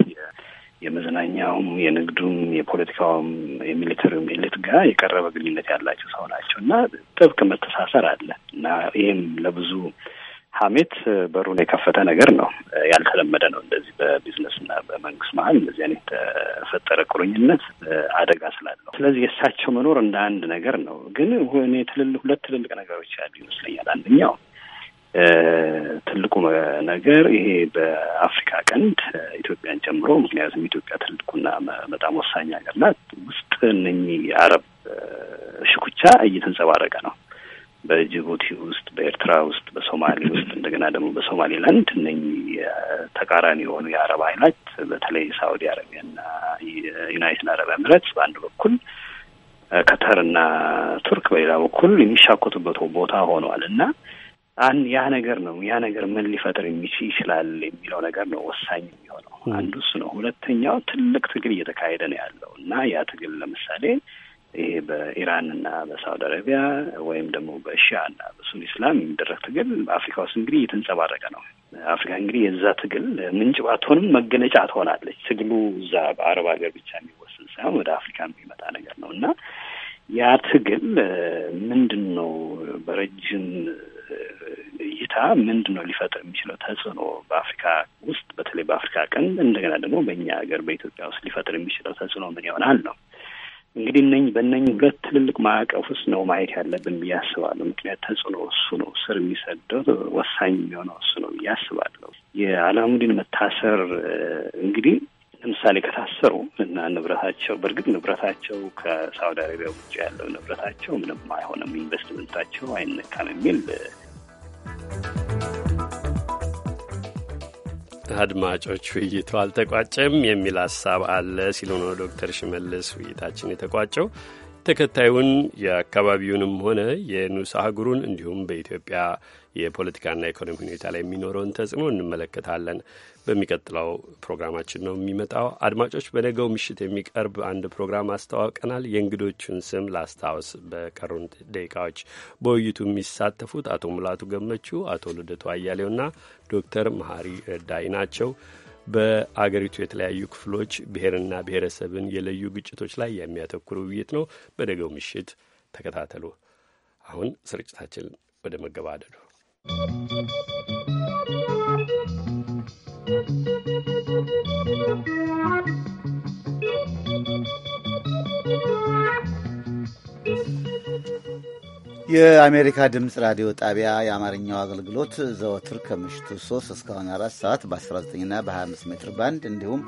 የመዝናኛውም፣ የንግዱም፣ የፖለቲካውም፣ የሚሊተሪውም ኤሊት ጋር የቀረበ ግንኙነት ያላቸው ሰው ናቸው እና ጥብቅ መተሳሰር አለ እና ይህም ለብዙ ሀሜት በሩን የከፈተ ነገር ነው። ያልተለመደ ነው። እንደዚህ በቢዝነስና በመንግስት መሀል እንደዚህ አይነት የተፈጠረ ቁርኝነት አደጋ ስላለው፣ ስለዚህ የእሳቸው መኖር እንደ አንድ ነገር ነው። ግን እኔ ትልል ሁለት ትልልቅ ነገሮች ያሉ ይመስለኛል። አንደኛው ትልቁ ነገር ይሄ በአፍሪካ ቀንድ ኢትዮጵያን ጨምሮ፣ ምክንያቱም ኢትዮጵያ ትልቁና በጣም ወሳኝ ሀገር ናት። ውስጥ እነኚህ የአረብ ሽኩቻ እየተንጸባረቀ ነው። በጅቡቲ ውስጥ፣ በኤርትራ ውስጥ፣ በሶማሌ ውስጥ እንደገና ደግሞ በሶማሌላንድ እነኚህ ተቃራኒ የሆኑ የአረብ ኃይላት በተለይ አረቢያ ና ዩናይትድ አረብ ኤምሬትስ በአንድ በኩል ከተርና ቱርክ በሌላ በኩል የሚሻኮቱበት ቦታ ሆኗል እና አን ያ ነገር ነው ያ ነገር ምን ሊፈጥር የሚችል ይችላል የሚለው ነገር ነው ወሳኝ የሚሆነው። አንዱ እሱ ነው። ሁለተኛው ትልቅ ትግል እየተካሄደ ነው ያለው እና ያ ትግል ለምሳሌ ይሄ በኢራንና በሳውዲ አረቢያ ወይም ደግሞ እና በሱኒ እስላም የሚደረግ ትግል በአፍሪካ ውስጥ እንግዲህ እየተንጸባረቀ ነው። አፍሪካ እንግዲህ የዛ ትግል ምንጭ ባትሆንም መገለጫ ትሆናለች። ትግሉ እዛ በአረብ ሀገር ብቻ የሚወስን ሳይሆን ወደ አፍሪካ የሚመጣ ነገር ነው እና ያ ትግል ምንድን ነው በረጅም እይታ ምንድን ነው ሊፈጥር የሚችለው ተጽዕኖ በአፍሪካ ውስጥ በተለይ በአፍሪካ ቀንድ እንደገና ደግሞ በእኛ ሀገር በኢትዮጵያ ውስጥ ሊፈጥር የሚችለው ተጽዕኖ ምን ይሆናል ነው እንግዲህ እነ በእነኝህ ሁለት ትልልቅ ማዕቀፍ ውስጥ ነው ማየት ያለብን ብዬ አስባለሁ። ምክንያት ተጽዕኖ እሱ ነው፣ ስር የሚሰደው ወሳኝ የሚሆነው እሱ ነው ብዬ አስባለሁ። የአላሙዲን መታሰር እንግዲህ ለምሳሌ ከታሰሩ እና ንብረታቸው በእርግጥ ንብረታቸው ከሳውዲ አረቢያ ውጭ ያለው ንብረታቸው ምንም አይሆንም፣ ኢንቨስትመንታቸው አይነካም የሚል አድማጮች፣ ውይይቱ አልተቋጨም የሚል ሀሳብ አለ ሲሉ ነው ዶክተር ሽመልስ ውይይታችን የተቋጨው። ተከታዩን የአካባቢውንም ሆነ የንዑስ አህጉሩን እንዲሁም በኢትዮጵያ የፖለቲካና ኢኮኖሚ ሁኔታ ላይ የሚኖረውን ተጽዕኖ እንመለከታለን። በሚቀጥለው ፕሮግራማችን ነው የሚመጣው። አድማጮች፣ በነገው ምሽት የሚቀርብ አንድ ፕሮግራም አስተዋውቀናል። የእንግዶቹን ስም ላስታውስ በቀሩን ደቂቃዎች። በውይይቱ የሚሳተፉት አቶ ሙላቱ ገመቹ፣ አቶ ልደቱ አያሌውና ዶክተር መሀሪ ረዳይ ናቸው። በአገሪቱ የተለያዩ ክፍሎች ብሔርና ብሔረሰብን የለዩ ግጭቶች ላይ የሚያተኩር ውይይት ነው። በነገው ምሽት ተከታተሉ። አሁን ስርጭታችን ወደ መገባደዱ የአሜሪካ ድምፅ ራዲዮ ጣቢያ የአማርኛው አገልግሎት ዘወትር ከምሽቱ 3 እስካሁን 4 ሰዓት በ19ና በ25 ሜትር ባንድ እንዲሁም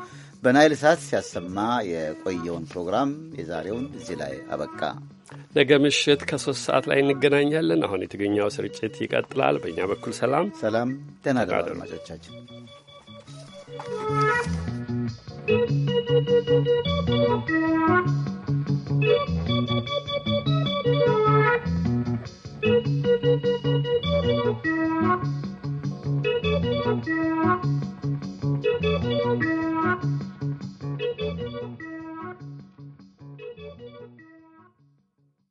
በናይል ሰዓት ሲያሰማ የቆየውን ፕሮግራም የዛሬውን እዚህ ላይ አበቃ። ነገ ምሽት ከሶስት ሰዓት ላይ እንገናኛለን። አሁን የትገኛው ስርጭት ይቀጥላል። በእኛ በኩል ሰላም ሰላም፣ ጤና አድማጮቻችን